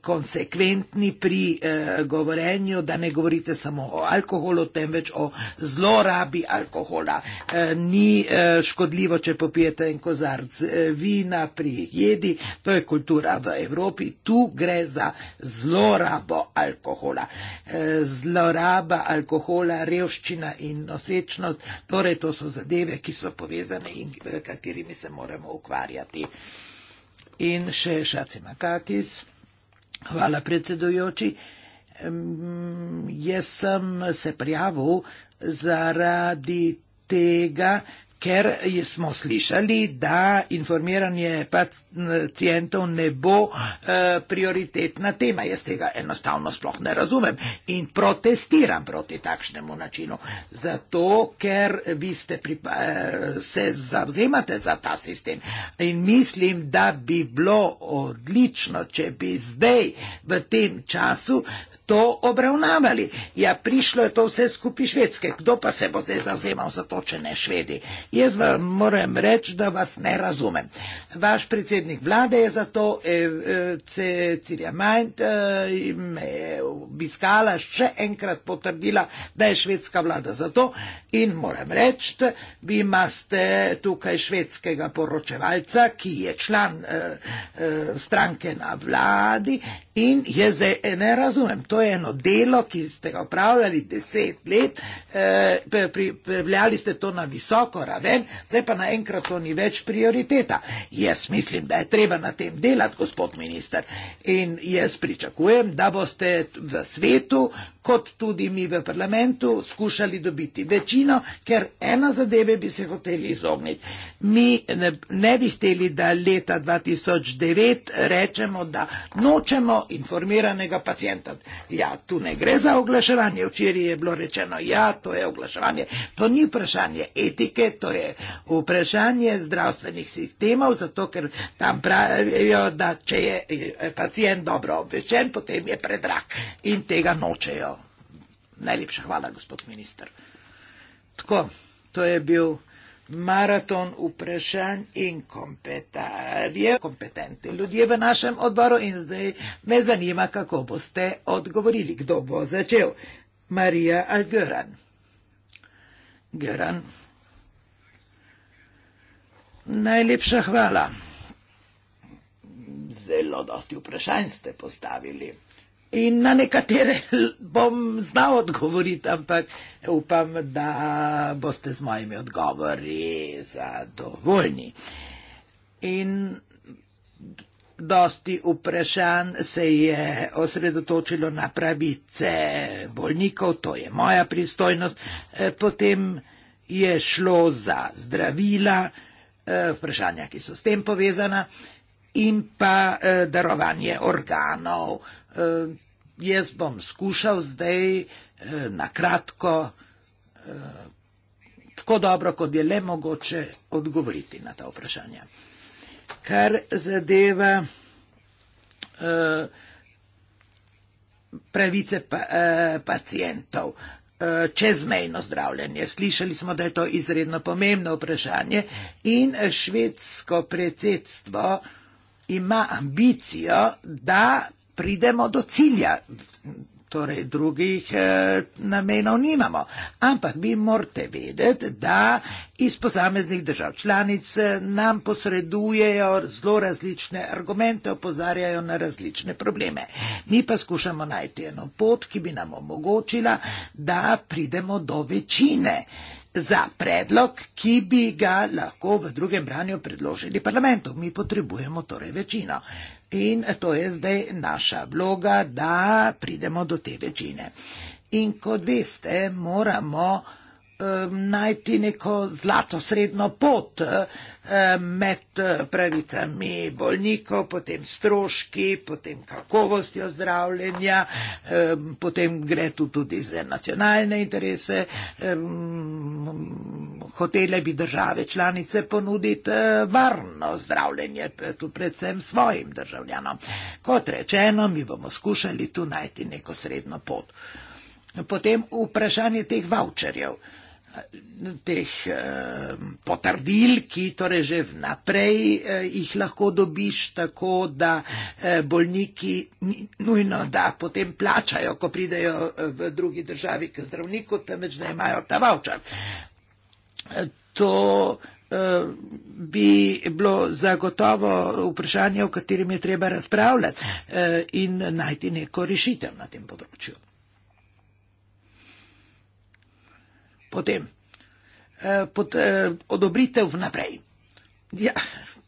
konsekventni pri eh, govorenju, da ne govorite samo o alkoholu, temveč o zlorabi alkohola. Eh, ni eh, škodljivo, če popijete en kozarc eh, vina pri jedi, to je kultura v Evropi, tu gre za zlorabo alkohola. Eh, zloraba alkohola, revščina in nosečnost, torej to so zadeve, ki so povezane in eh, katerimi se moramo ukvarjati. In še šacima kakis. Hvala, predsedujoči. Jaz sem se prijavil zaradi tega, ker smo slišali, da informiranje pacijentov ne bo eh, prioritetna tema. Jaz tega enostavno sploh ne razumem in protestiram proti takšnemu načinu. Zato, ker vi ste pripa, eh, se zavzemate za ta sistem in mislim, da bi bilo odlično, če bi zdaj v tem času to obravnavali. Ja, prišlo je to vse skupaj švedske. Kdo pa se bo zdaj zauzemal za to, če ne švedi? Jaz vam moram reči, da vas ne razumem. Vaš predsednik vlade je zato, eh, eh, Cecilia Mind, eh, me je obiskala, še enkrat potrdila, da je švedska vlada zato. In moram reči, vi imate tukaj švedskega poročevalca, ki je član stranke na vladi in jaz zdaj ne razumem to je eno delo, ki ste ga upravljali deset let, eh, pripeljali ste to na visoko raven, zdaj pa naenkrat to ni več prioriteta. Jaz mislim, da je treba na tem delati, gospod minister. In jaz pričakujem, da boste v svetu, kot tudi mi v parlamentu, skušali dobiti večino, ker ena zadeve bi se hoteli izogniti. Mi ne, ne bi hteli, da leta 2009 rečemo, da nočemo informiranega pacijenta. Ja, tu ne gre za oglaševanje, včeraj je bilo rečeno, ja, to je oglaševanje. To ni vprašanje etike, to je vprašanje zdravstvenih sistemov, zato ker tam pravijo, da če je pacijent dobro obveščen, potem je predrag in tega nočejo. Najlepša hvala, gospod minister. Tako, to je bil maraton vprašanj in kompetarjev, kompetente ljudje v našem odboru in zdaj me zanima, kako boste odgovorili, kdo bo začel. Marija ali Göran? Göran. Najlepša hvala. Zelo dosti vprašanj ste postavili. In na nekatere bom znal odgovoriti, ampak upam, da boste z mojimi odgovori zadovoljni. In dosti vprašanj se je osredotočilo na pravice bolnikov, to je moja pristojnost. Eh, potem je šlo za zdravila, eh, vprašanja, ki so s tem povezana, in pa eh, darovanje organov. Eh, jaz bom skušal zdaj eh, na kratko, eh, tako dobro, kot je le mogoče, odgovoriti na ta vprašanja. Kar zadeva pravice pa, pacijentov. Čezmejno zdravljenje. Slišali smo, da je to izredno pomembno vprašanje in švedsko predsedstvo ima ambicijo, da pridemo do cilja. Torej, drugih e, namenov nimamo. Ampak vi morate vedeti, da iz posameznih držav članic eh, nam posredujejo zelo različne argumente, opozarjajo na različne probleme. Mi pa skušamo najti eno pot, ki bi nam omogočila, da pridemo do večine za predlog, ki bi ga lahko v drugem branju predložili parlamentu. Mi potrebujemo torej večino. In to je zdaj naša vloga, da pridemo do te večine. In kot veste, moramo najti neko zlato srednjo pot med eh, pravicami bolnikov, potem stroški, potem kakovostjo zdravljenja, potem gre tu tudi za nacionalne interese. Hotele bi države članice ponuditi eh, varno zdravljenje eh, tu predvsem svojim državljanom. Kot rečeno, mi bomo skušali tu najti neko srednjo pot. Potem vprašanje teh voucherjev teh eh, potrdil, ki torej že vnaprej eh, jih lahko dobiš, tako da eh, bolniki nujno, da potem plačajo, ko pridejo v drugi državi k zdravniku, temveč da imajo ta voucher. To bi bilo zagotovo vprašanje, o katerem je treba razpravljati in najti neko rešitev na tem področju. potem. Eh, pot, eh, odobritev vnaprej. Ja,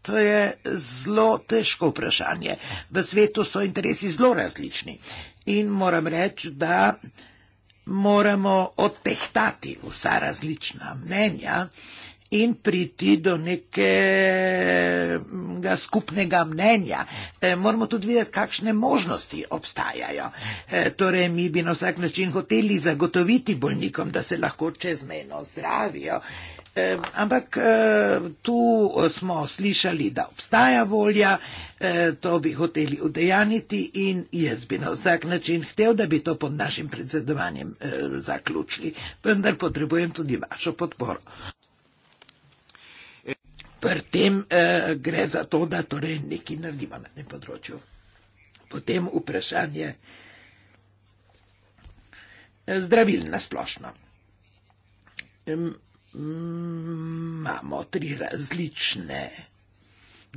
to je zelo težko vprašanje. V svetu so interesi zelo različni in moram reči, da moramo odtehtati vsa različna mnenja, in priti do nekega skupnega mnenja. E, moramo tudi videti, kakšne možnosti obstajajo. E, torej, mi bi na vsak način hoteli zagotoviti bolnikom, da se lahko čezmejno zdravijo. E, ampak tu smo slišali, da obstaja volja, to bi hoteli udejaniti in jaz bi na vsak način htel, da bi to pod našim predsedovanjem zaključili. Vendar potrebujem tudi vašo podporo pri tem eh, gre za to, da torej nekaj naredimo na tem področju. Potem vprašanje eh, zdravil na splošno. Imamo tri različne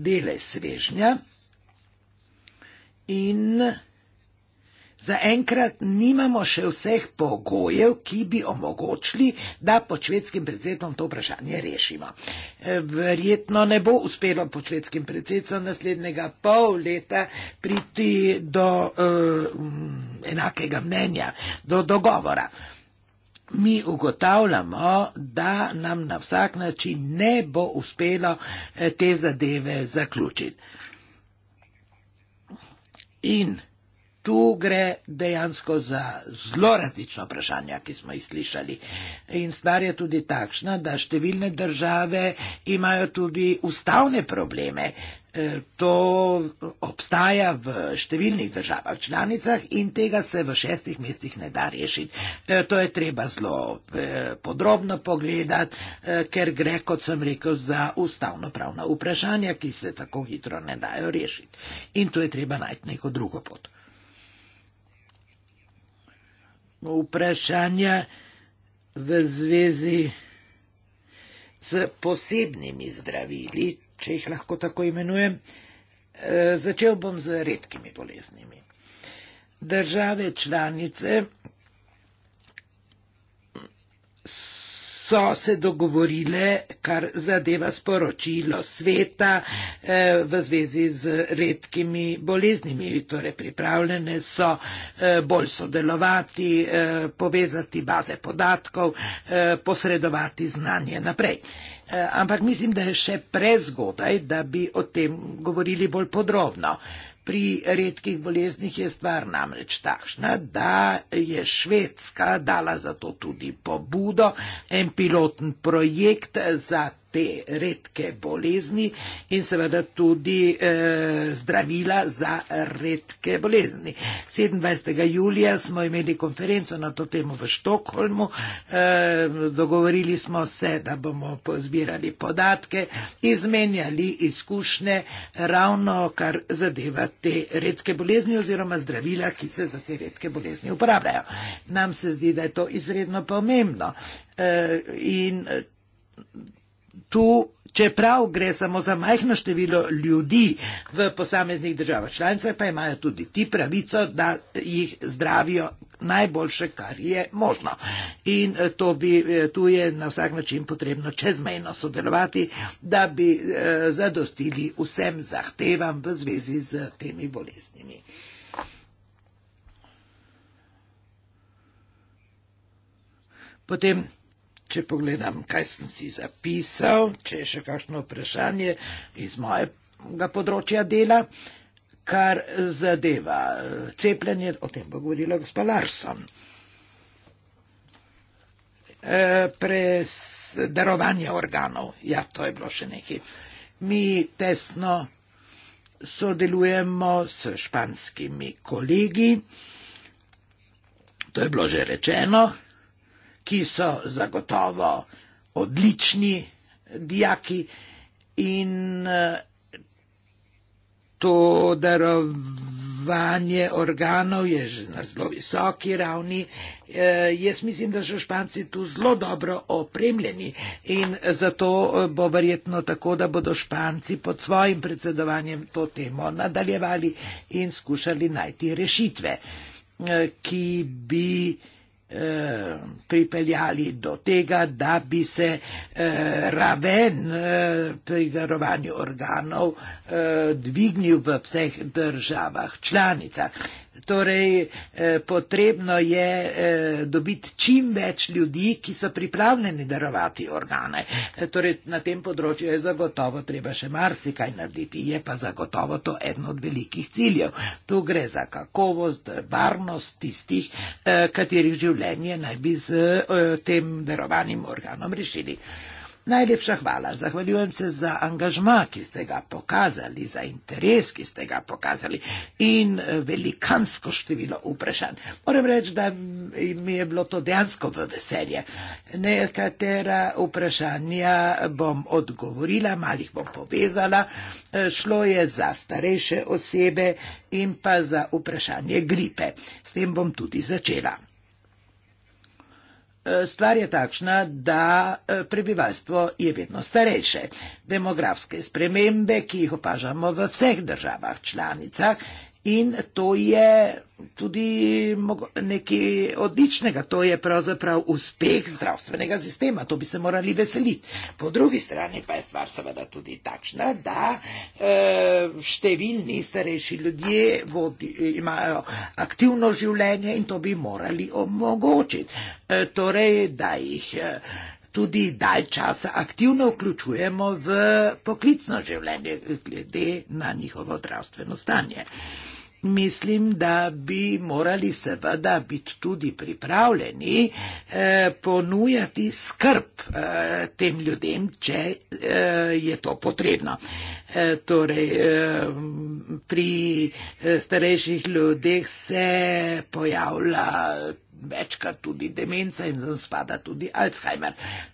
dele svežnja in Zaenkrat nimamo še vseh pogojev, ki bi omogočili, da pod švedskim predsednikom to vprašanje rešimo. E, verjetno ne bo uspelo pod švedskim predsednikom naslednjega pol leta priti do uh, enakega mnenja, do dogovora. Mi ugotavljamo, da nam na vsak način ne bo uspelo e, te zadeve zaključiti. In tu gre dejansko za zelo različna vprašanja, ki smo jih slišali. In stvar je tudi takšna, da številne države imajo tudi ustavne probleme. E, to obstaja v številnih državah članicah in tega se v šestih mestih ne da rešiti. E, to je treba zelo e, podrobno pogledati, ker gre, kot sem rekel, za ustavno pravna vprašanja, ki se tako hitro ne dajo rešiti. In tu je treba najti neko drugo pot vprašanja v zvezi s posebnimi zdravili, če jih lahko tako imenujem. E, začel bom z redkimi boleznimi. Države članice, so se dogovorile, kar zadeva sporočilo sveta eh, v zvezi z redkimi boleznimi. Torej, pripravljene so eh, bolj sodelovati, eh, povezati baze podatkov, posredovati znanje naprej. Ampak mislim, da je še prezgodaj, da bi o tem govorili bolj podrobno pri redkih boleznih je stvar namreč takšna, da je Švedska dala za to tudi pobudo, en pilotni projekt za te redke bolezni in seveda tudi eh, zdravila za redke bolezni. 27. julija smo imeli konferenco na to temo v Štokholmu, eh, dogovorili smo se, da bomo pozbirali podatke, izmenjali izkušnje ravno kar zadeva te redke bolezni oziroma zdravila, ki se za te redke bolezni uporabljajo. Nam se zdi, da je to izredno pomembno. Eh, in, tu, čeprav gre samo za majhno število ljudi v posameznih državah članicah, pa imajo tudi ti pravico, da jih zdravijo najboljše, kar je možno. In eh, to bi, eh, tu je na vsak način potrebno čezmejno sodelovati, da bi eh, zadostili vsem zahtevam v zvezi z temi boleznimi. Potem če pogledam, kaj sem si zapisal, če je še kakšno vprašanje iz mojega področja dela, kar zadeva eh, cepljenje, o tem bo govorila gospod Larson. E, darovanje organov, ja, to je bilo še nekaj. Mi tesno sodelujemo s španskimi kolegi, to je bilo že rečeno, ki so zagotovo odlični dijaki in eh, to darovanje organov je že na zelo visoki ravni. Eh, jaz mislim, da so Španci tu zelo dobro opremljeni in zato eh, bo verjetno tako, da bodo Španci pod svojim predsedovanjem to temo nadaljevali in skušali najti rešitve, ki bi Eh, pripeljali do tega, da bi se eh, raven eh, pri darovanju organov eh, dvignil v vseh državah članicah. Torej, eh, potrebno je eh, dobiti čim več ljudi, ki so pripravljeni darovati organe. Eh, torej, na tem področju je zagotovo treba še marsikaj narediti, je pa zagotovo to eno od velikih ciljev. Tu gre za kakovost, varnost tistih, eh, katerih življenje naj bi z eh, tem darovanim organom rešili. Eh, Najlepša hvala, zahvaljujem se za angažma, ki ste ga pokazali, za interes, ki ste ga pokazali in eh, velikansko število vprašanj. Moram reči, da mi je bilo to dejansko v veselje. Nekatera vprašanja bom odgovorila, malih bom povezala. Eh, šlo je za starejše osebe in pa za vprašanje gripe. S tem bom tudi začela. E, stvar je takšna, da e, prebivalstvo je vedno starejše. Demografske spremembe, ki jih opažamo v vseh državah članicah, In to je tudi nekaj odličnega, to je pravzaprav uspeh zdravstvenega sistema, to bi se morali veseliti. Po drugi strani pa je stvar seveda tudi takšna, da e, številni starejši ljudje vodi, imajo aktivno življenje in to bi morali omogočiti. E, torej, da jih. E, Tudi dalj časa aktivno vključujemo v poklicno življenje, glede na njihovo zdravstveno stanje. Mislim, da bi morali seveda biti tudi pripravljeni eh, ponujati skrb eh, tem ljudem, če eh, je to potrebno. Eh, torej, eh, pri eh, starejših ljudeh se pojavlja večkrat tudi demenca in zdaj spada tudi Alzheimer.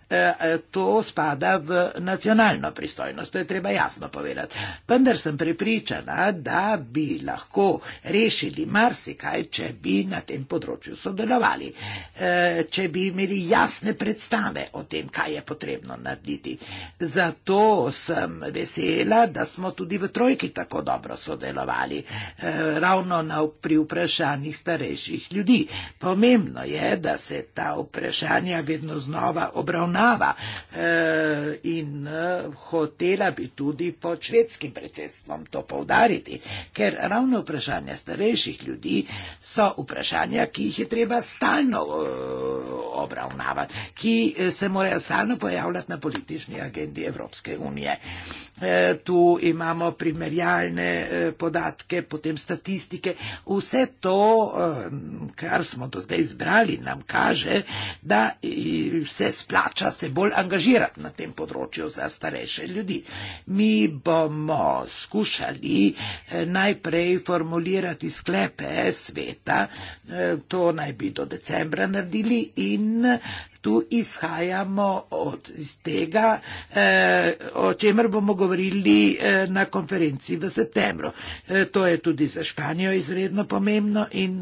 E, to spada v nacionalno pristojnost, to je treba jasno povedati. Vendar sem prepričana, da bi lahko rešili marsikaj, če bi na tem področju sodelovali, e, če bi imeli jasne predstave o tem, kaj je potrebno narediti. Zato sem vesela, da smo tudi v trojki tako dobro sodelovali, e, ravno na, pri vprašanjih starejših ljudi. Pomembno pomembno je, da se ta vprašanja vedno znova obravnava e, in eh, hotela bi tudi pod švedskim predsedstvom to povdariti, ker ravno vprašanja starejših ljudi so vprašanja, ki jih je treba stalno e, obravnavati, ki se morajo stalno pojavljati na politični agendi Evropske unije. E, tu imamo primerjalne e, podatke, potem statistike, vse to, e, kar smo do zdaj izbrali, nam kaže, da e, se splača se bolj angažirati na tem področju za starejše ljudi. Mi bomo skušali e, najprej formulirati sklepe sveta, e, to naj bi do decembra naredili in tu izhajamo od tega, o čemer bomo govorili na konferenci v septembru. To je tudi za Španijo izredno pomembno in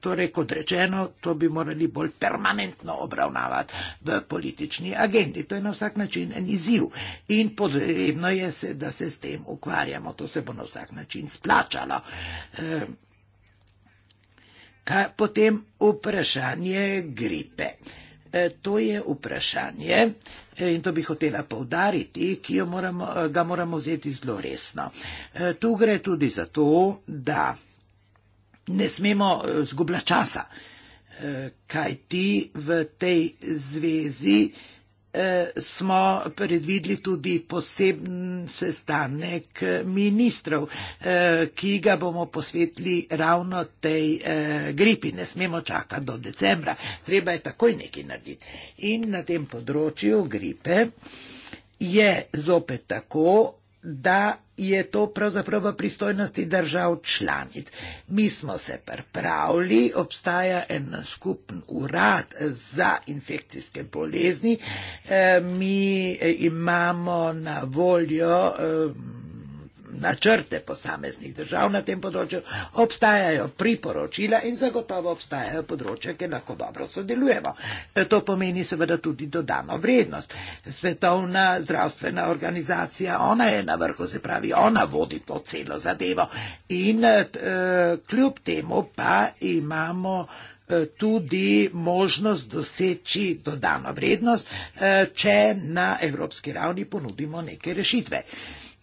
Torej, kot rečeno, to bi morali bolj permanentno obravnavati v politični agendi. To je na vsak način en izziv in potrebno je, se, da se s tem ukvarjamo. To se bo na vsak način splačalo. Eh, Kaj, potem vprašanje gripe. Eh, to je vprašanje eh, in to bi hotela povdariti, ki moramo, ga moramo vzeti zelo resno. Tu gre tudi za to, da ne smemo eh, zgubljati časa. Eh, kaj ti v tej zvezi eh, smo predvidli tudi poseben sestanek ministrov, ki ga bomo posvetili ravno tej gripi. Ne smemo čakati do decembra, treba je takoj nekaj narediti. In na tem področju gripe je zopet tako, da je to pravzaprav v pristojnosti držav članic. Mi smo se pripravili, obstaja en skupen urad za infekcijske bolezni. Eh, mi eh, imamo na voljo eh, načrte posameznih držav na tem področju, obstajajo priporočila in zagotovo obstajajo področja, kjer lahko dobro sodelujemo. To pomeni seveda tudi dodano vrednost. Svetovna zdravstvena organizacija, ona je na vrhu, se pravi, ona vodi to celo zadevo. In e, kljub temu pa imamo eh, tudi možnost doseči dodano vrednost, eh, če na evropski ravni ponudimo neke rešitve.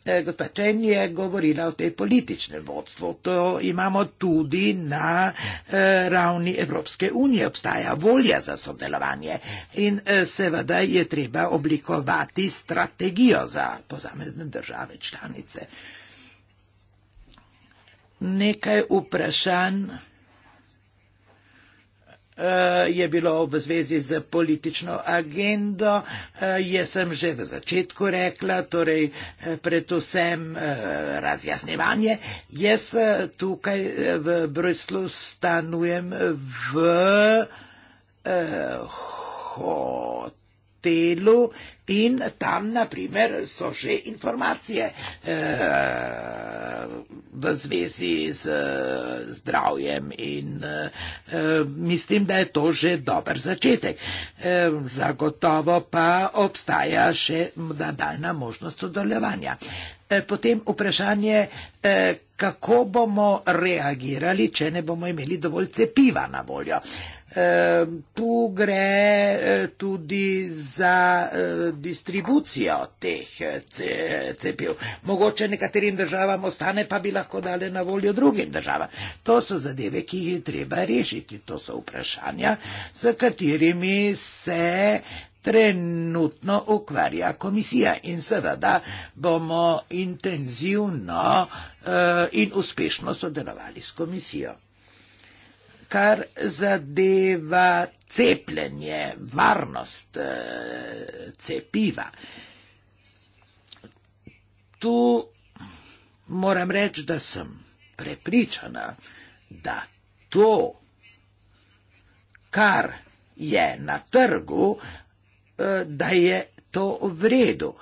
E, gospa Čen je govorila o tej političnem vodstvu. To imamo tudi na e, ravni Evropske unije. Obstaja volja za sodelovanje in e, seveda je treba oblikovati strategijo za pozamezne države članice. Nekaj vprašanj. Eh, je bilo v zvezi z politično agendo. Eh, jaz sem že v začetku rekla, torej eh, predvsem razjasnevanje. Jaz tukaj v Bruslu stanujem v hotelu telu in tam, na primer, so že informacije eh, v zvezi z eh, zdravjem in eh, eh mislim, da je to že dober začetek. Eh, zagotovo pa obstaja še nadaljna možnost sodelovanja. Eh, potem vprašanje, eh, kako bomo reagirali, če ne bomo imeli dovolj cepiva na voljo. Ehm, tu gre eh, tudi za eh, distribucijo teh eh, cepiv. Mogoče nekaterim državam ostane, pa bi lahko dali na voljo drugim državam. To so zadeve, ki jih treba rešiti. To so vprašanja, z katerimi se trenutno ukvarja komisija in seveda bomo intenzivno in uspešno sodelovali s komisijo kar zadeva cepljenje, varnost eh, cepiva. Tu moram reči, da sem prepričana, da to, kar je na trgu, eh, da je to v redu.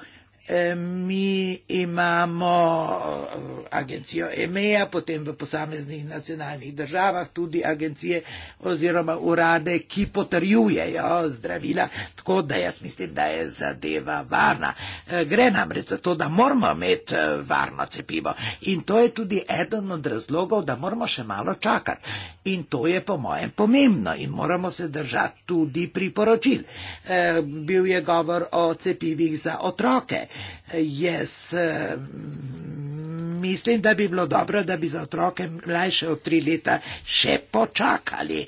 Eh, mi imamo eh, agencijo EMEA, potem v posameznih nacionalnih državah tudi agencije oziroma urade, ki potrjujejo zdravila, tako da jaz mislim, da je zadeva varna. Eh, gre namreč za to, da moramo imeti varno cepivo in to je tudi eden od razlogov, da moramo še malo čakati. In to je po mojem pomembno in moramo se držati tudi priporočil. Bil je govor o cepivih za otroke jaz eh, mislim, da bi bilo dobro, da bi za otroke mlajše od tri leta še počakali.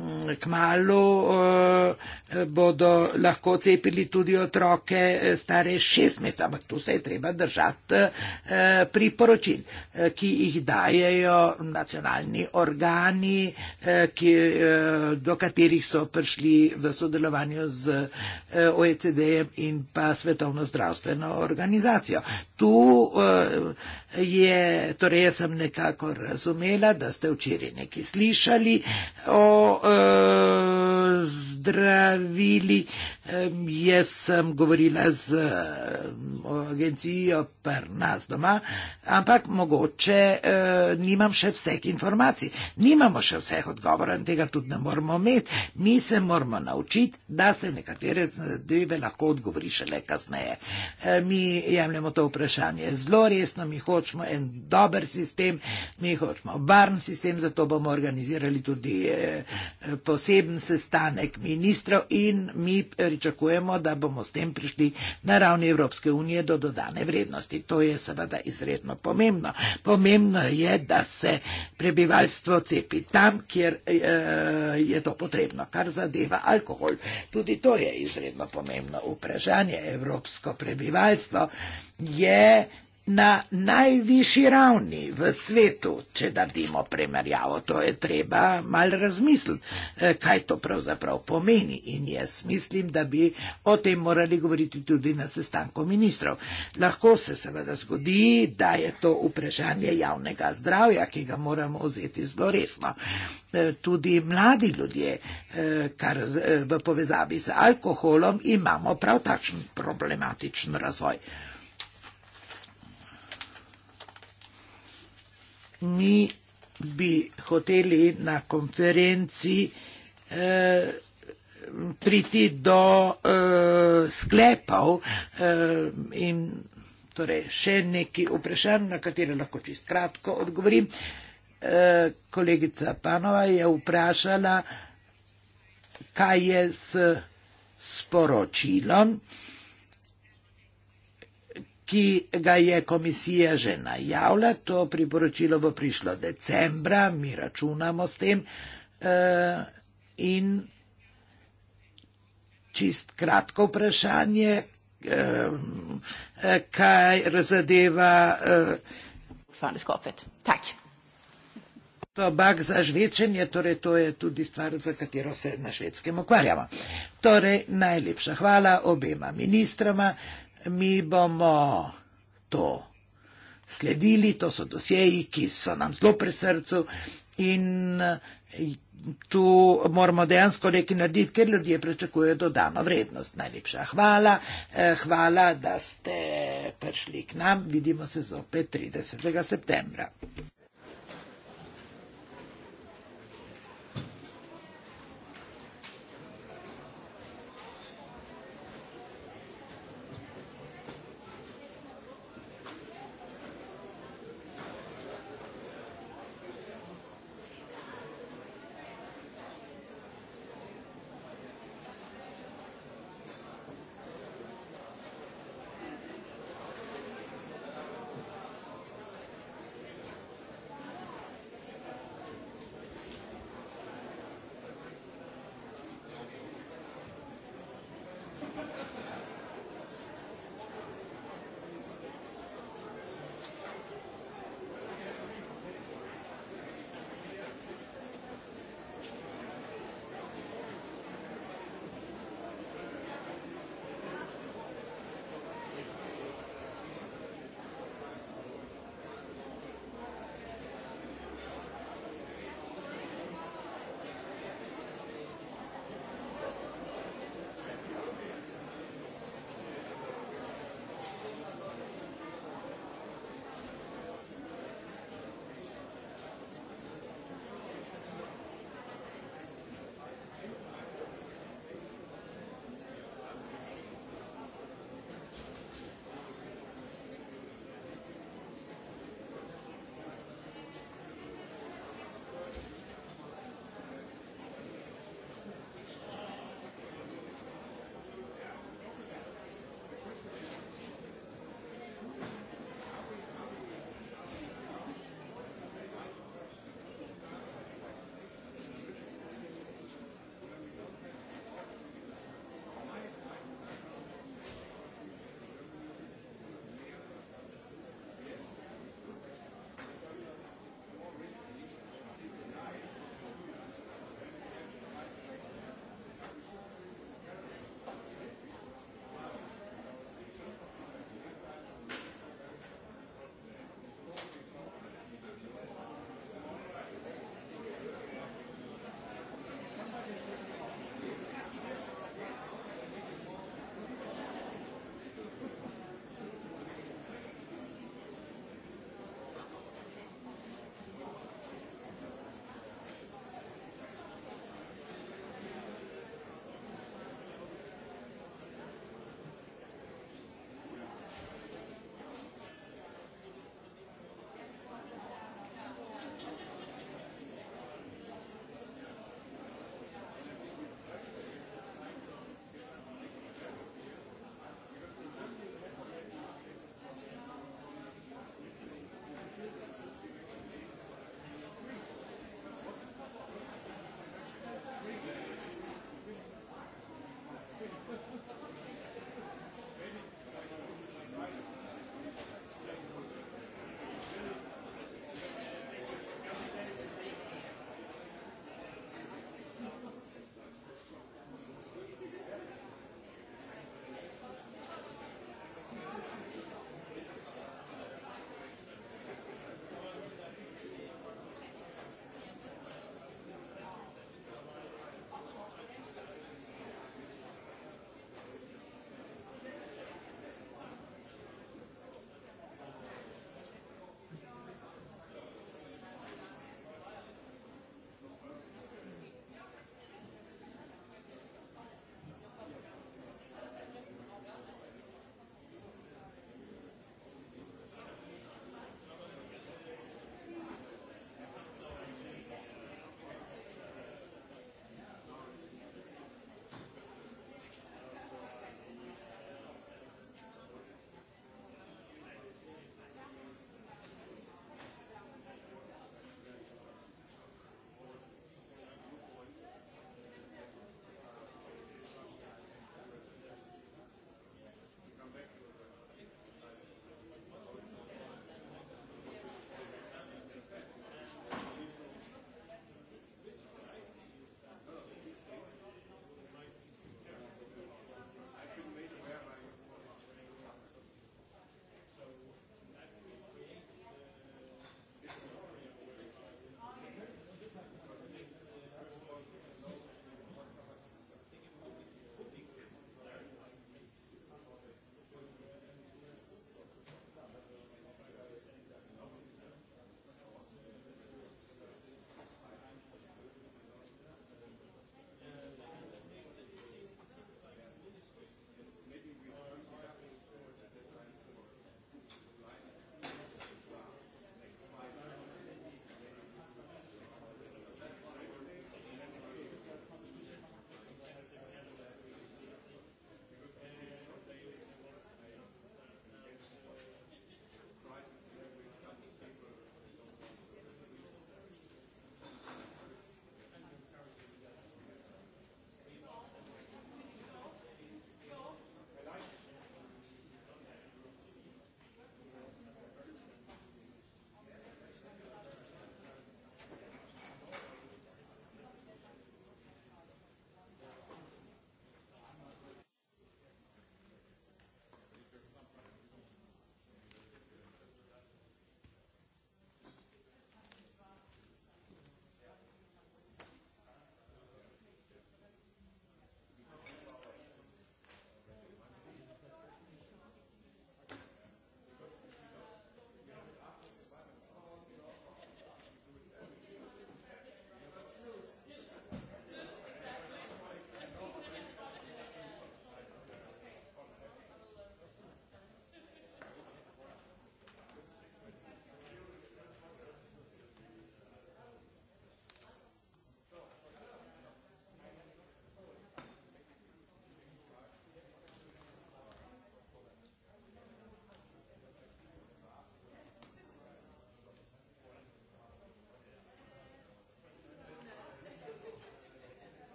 Mm, Kmalo, eh, bodo lahko cepili tudi otroke eh, stare šest mesecev, ampak tu se je treba držati eh, priporočil, eh, ki jih dajejo nacionalni organi, ki, do katerih so prišli v sodelovanju z OECD in pa Svetovno zdravstveno organizacijo. Tu je, torej jaz sem nekako razumela, da ste včeraj nekaj slišali o zdravju, pravili, Jaz sem govorila z eh, agencijo per nas doma, ampak mogoče eh, nimam še vseh informacij. Nimamo še vseh odgovorov in tega tudi ne moramo imeti. Mi se moramo naučiti, da se nekatere dreve lahko odgovori šele kasneje. Eh, mi jemljemo to vprašanje zelo resno, mi hočemo en dober sistem, mi hočemo varen sistem, zato bomo organizirali tudi poseben sestanek ministrov in mi pričakujemo, da bomo s tem prišli na ravni Evropske unije do dodane vrednosti. To je seveda izredno pomembno. Pomembno je, da se prebivalstvo cepi tam, kjer e, je to potrebno, kar zadeva alkohol. Tudi to je izredno pomembno vprašanje. Evropsko prebivalstvo je na najvišji ravni v svetu, če naredimo primerjavo. To je treba mal razmisliti, eh, kaj to pravzaprav pomeni. In jaz mislim, da bi o tem morali govoriti tudi na sestanku ministrov. Lahko se seveda zgodi, da je to vprašanje javnega zdravja, ki ga moramo vzeti zelo resno. Eh, tudi mladi ljudje, eh, kar v povezavi z alkoholom, imamo prav takšen problematičen razvoj. mi bi hoteli na konferenci eh, priti do eh, sklepov eh, in torej še neki vprašanj, na katere lahko čist kratko odgovorim. Eh, kolegica Panova je vprašala, kaj je s sporočilom. Eh, ki ga je komisija že najavila, to priporočilo bo prišlo decembra, mi računamo s tem. Uh, in čist kratko vprašanje, uh, kaj razadeva. Uh, eh, Fane skopet. Tak. Tobak za žvečenje, torej to je tudi stvar, za katero se na švedskem ukvarjamo. Torej, najlepša hvala obema ministrama mi bomo to sledili, to so dosjeji, ki so nam zelo pri srcu in eh, tu moramo dejansko nekaj narediti, ker ljudje prečakujejo dodano vrednost. Najlepša hvala, eh, hvala, da ste prišli k nam, vidimo se zopet 30. septembra.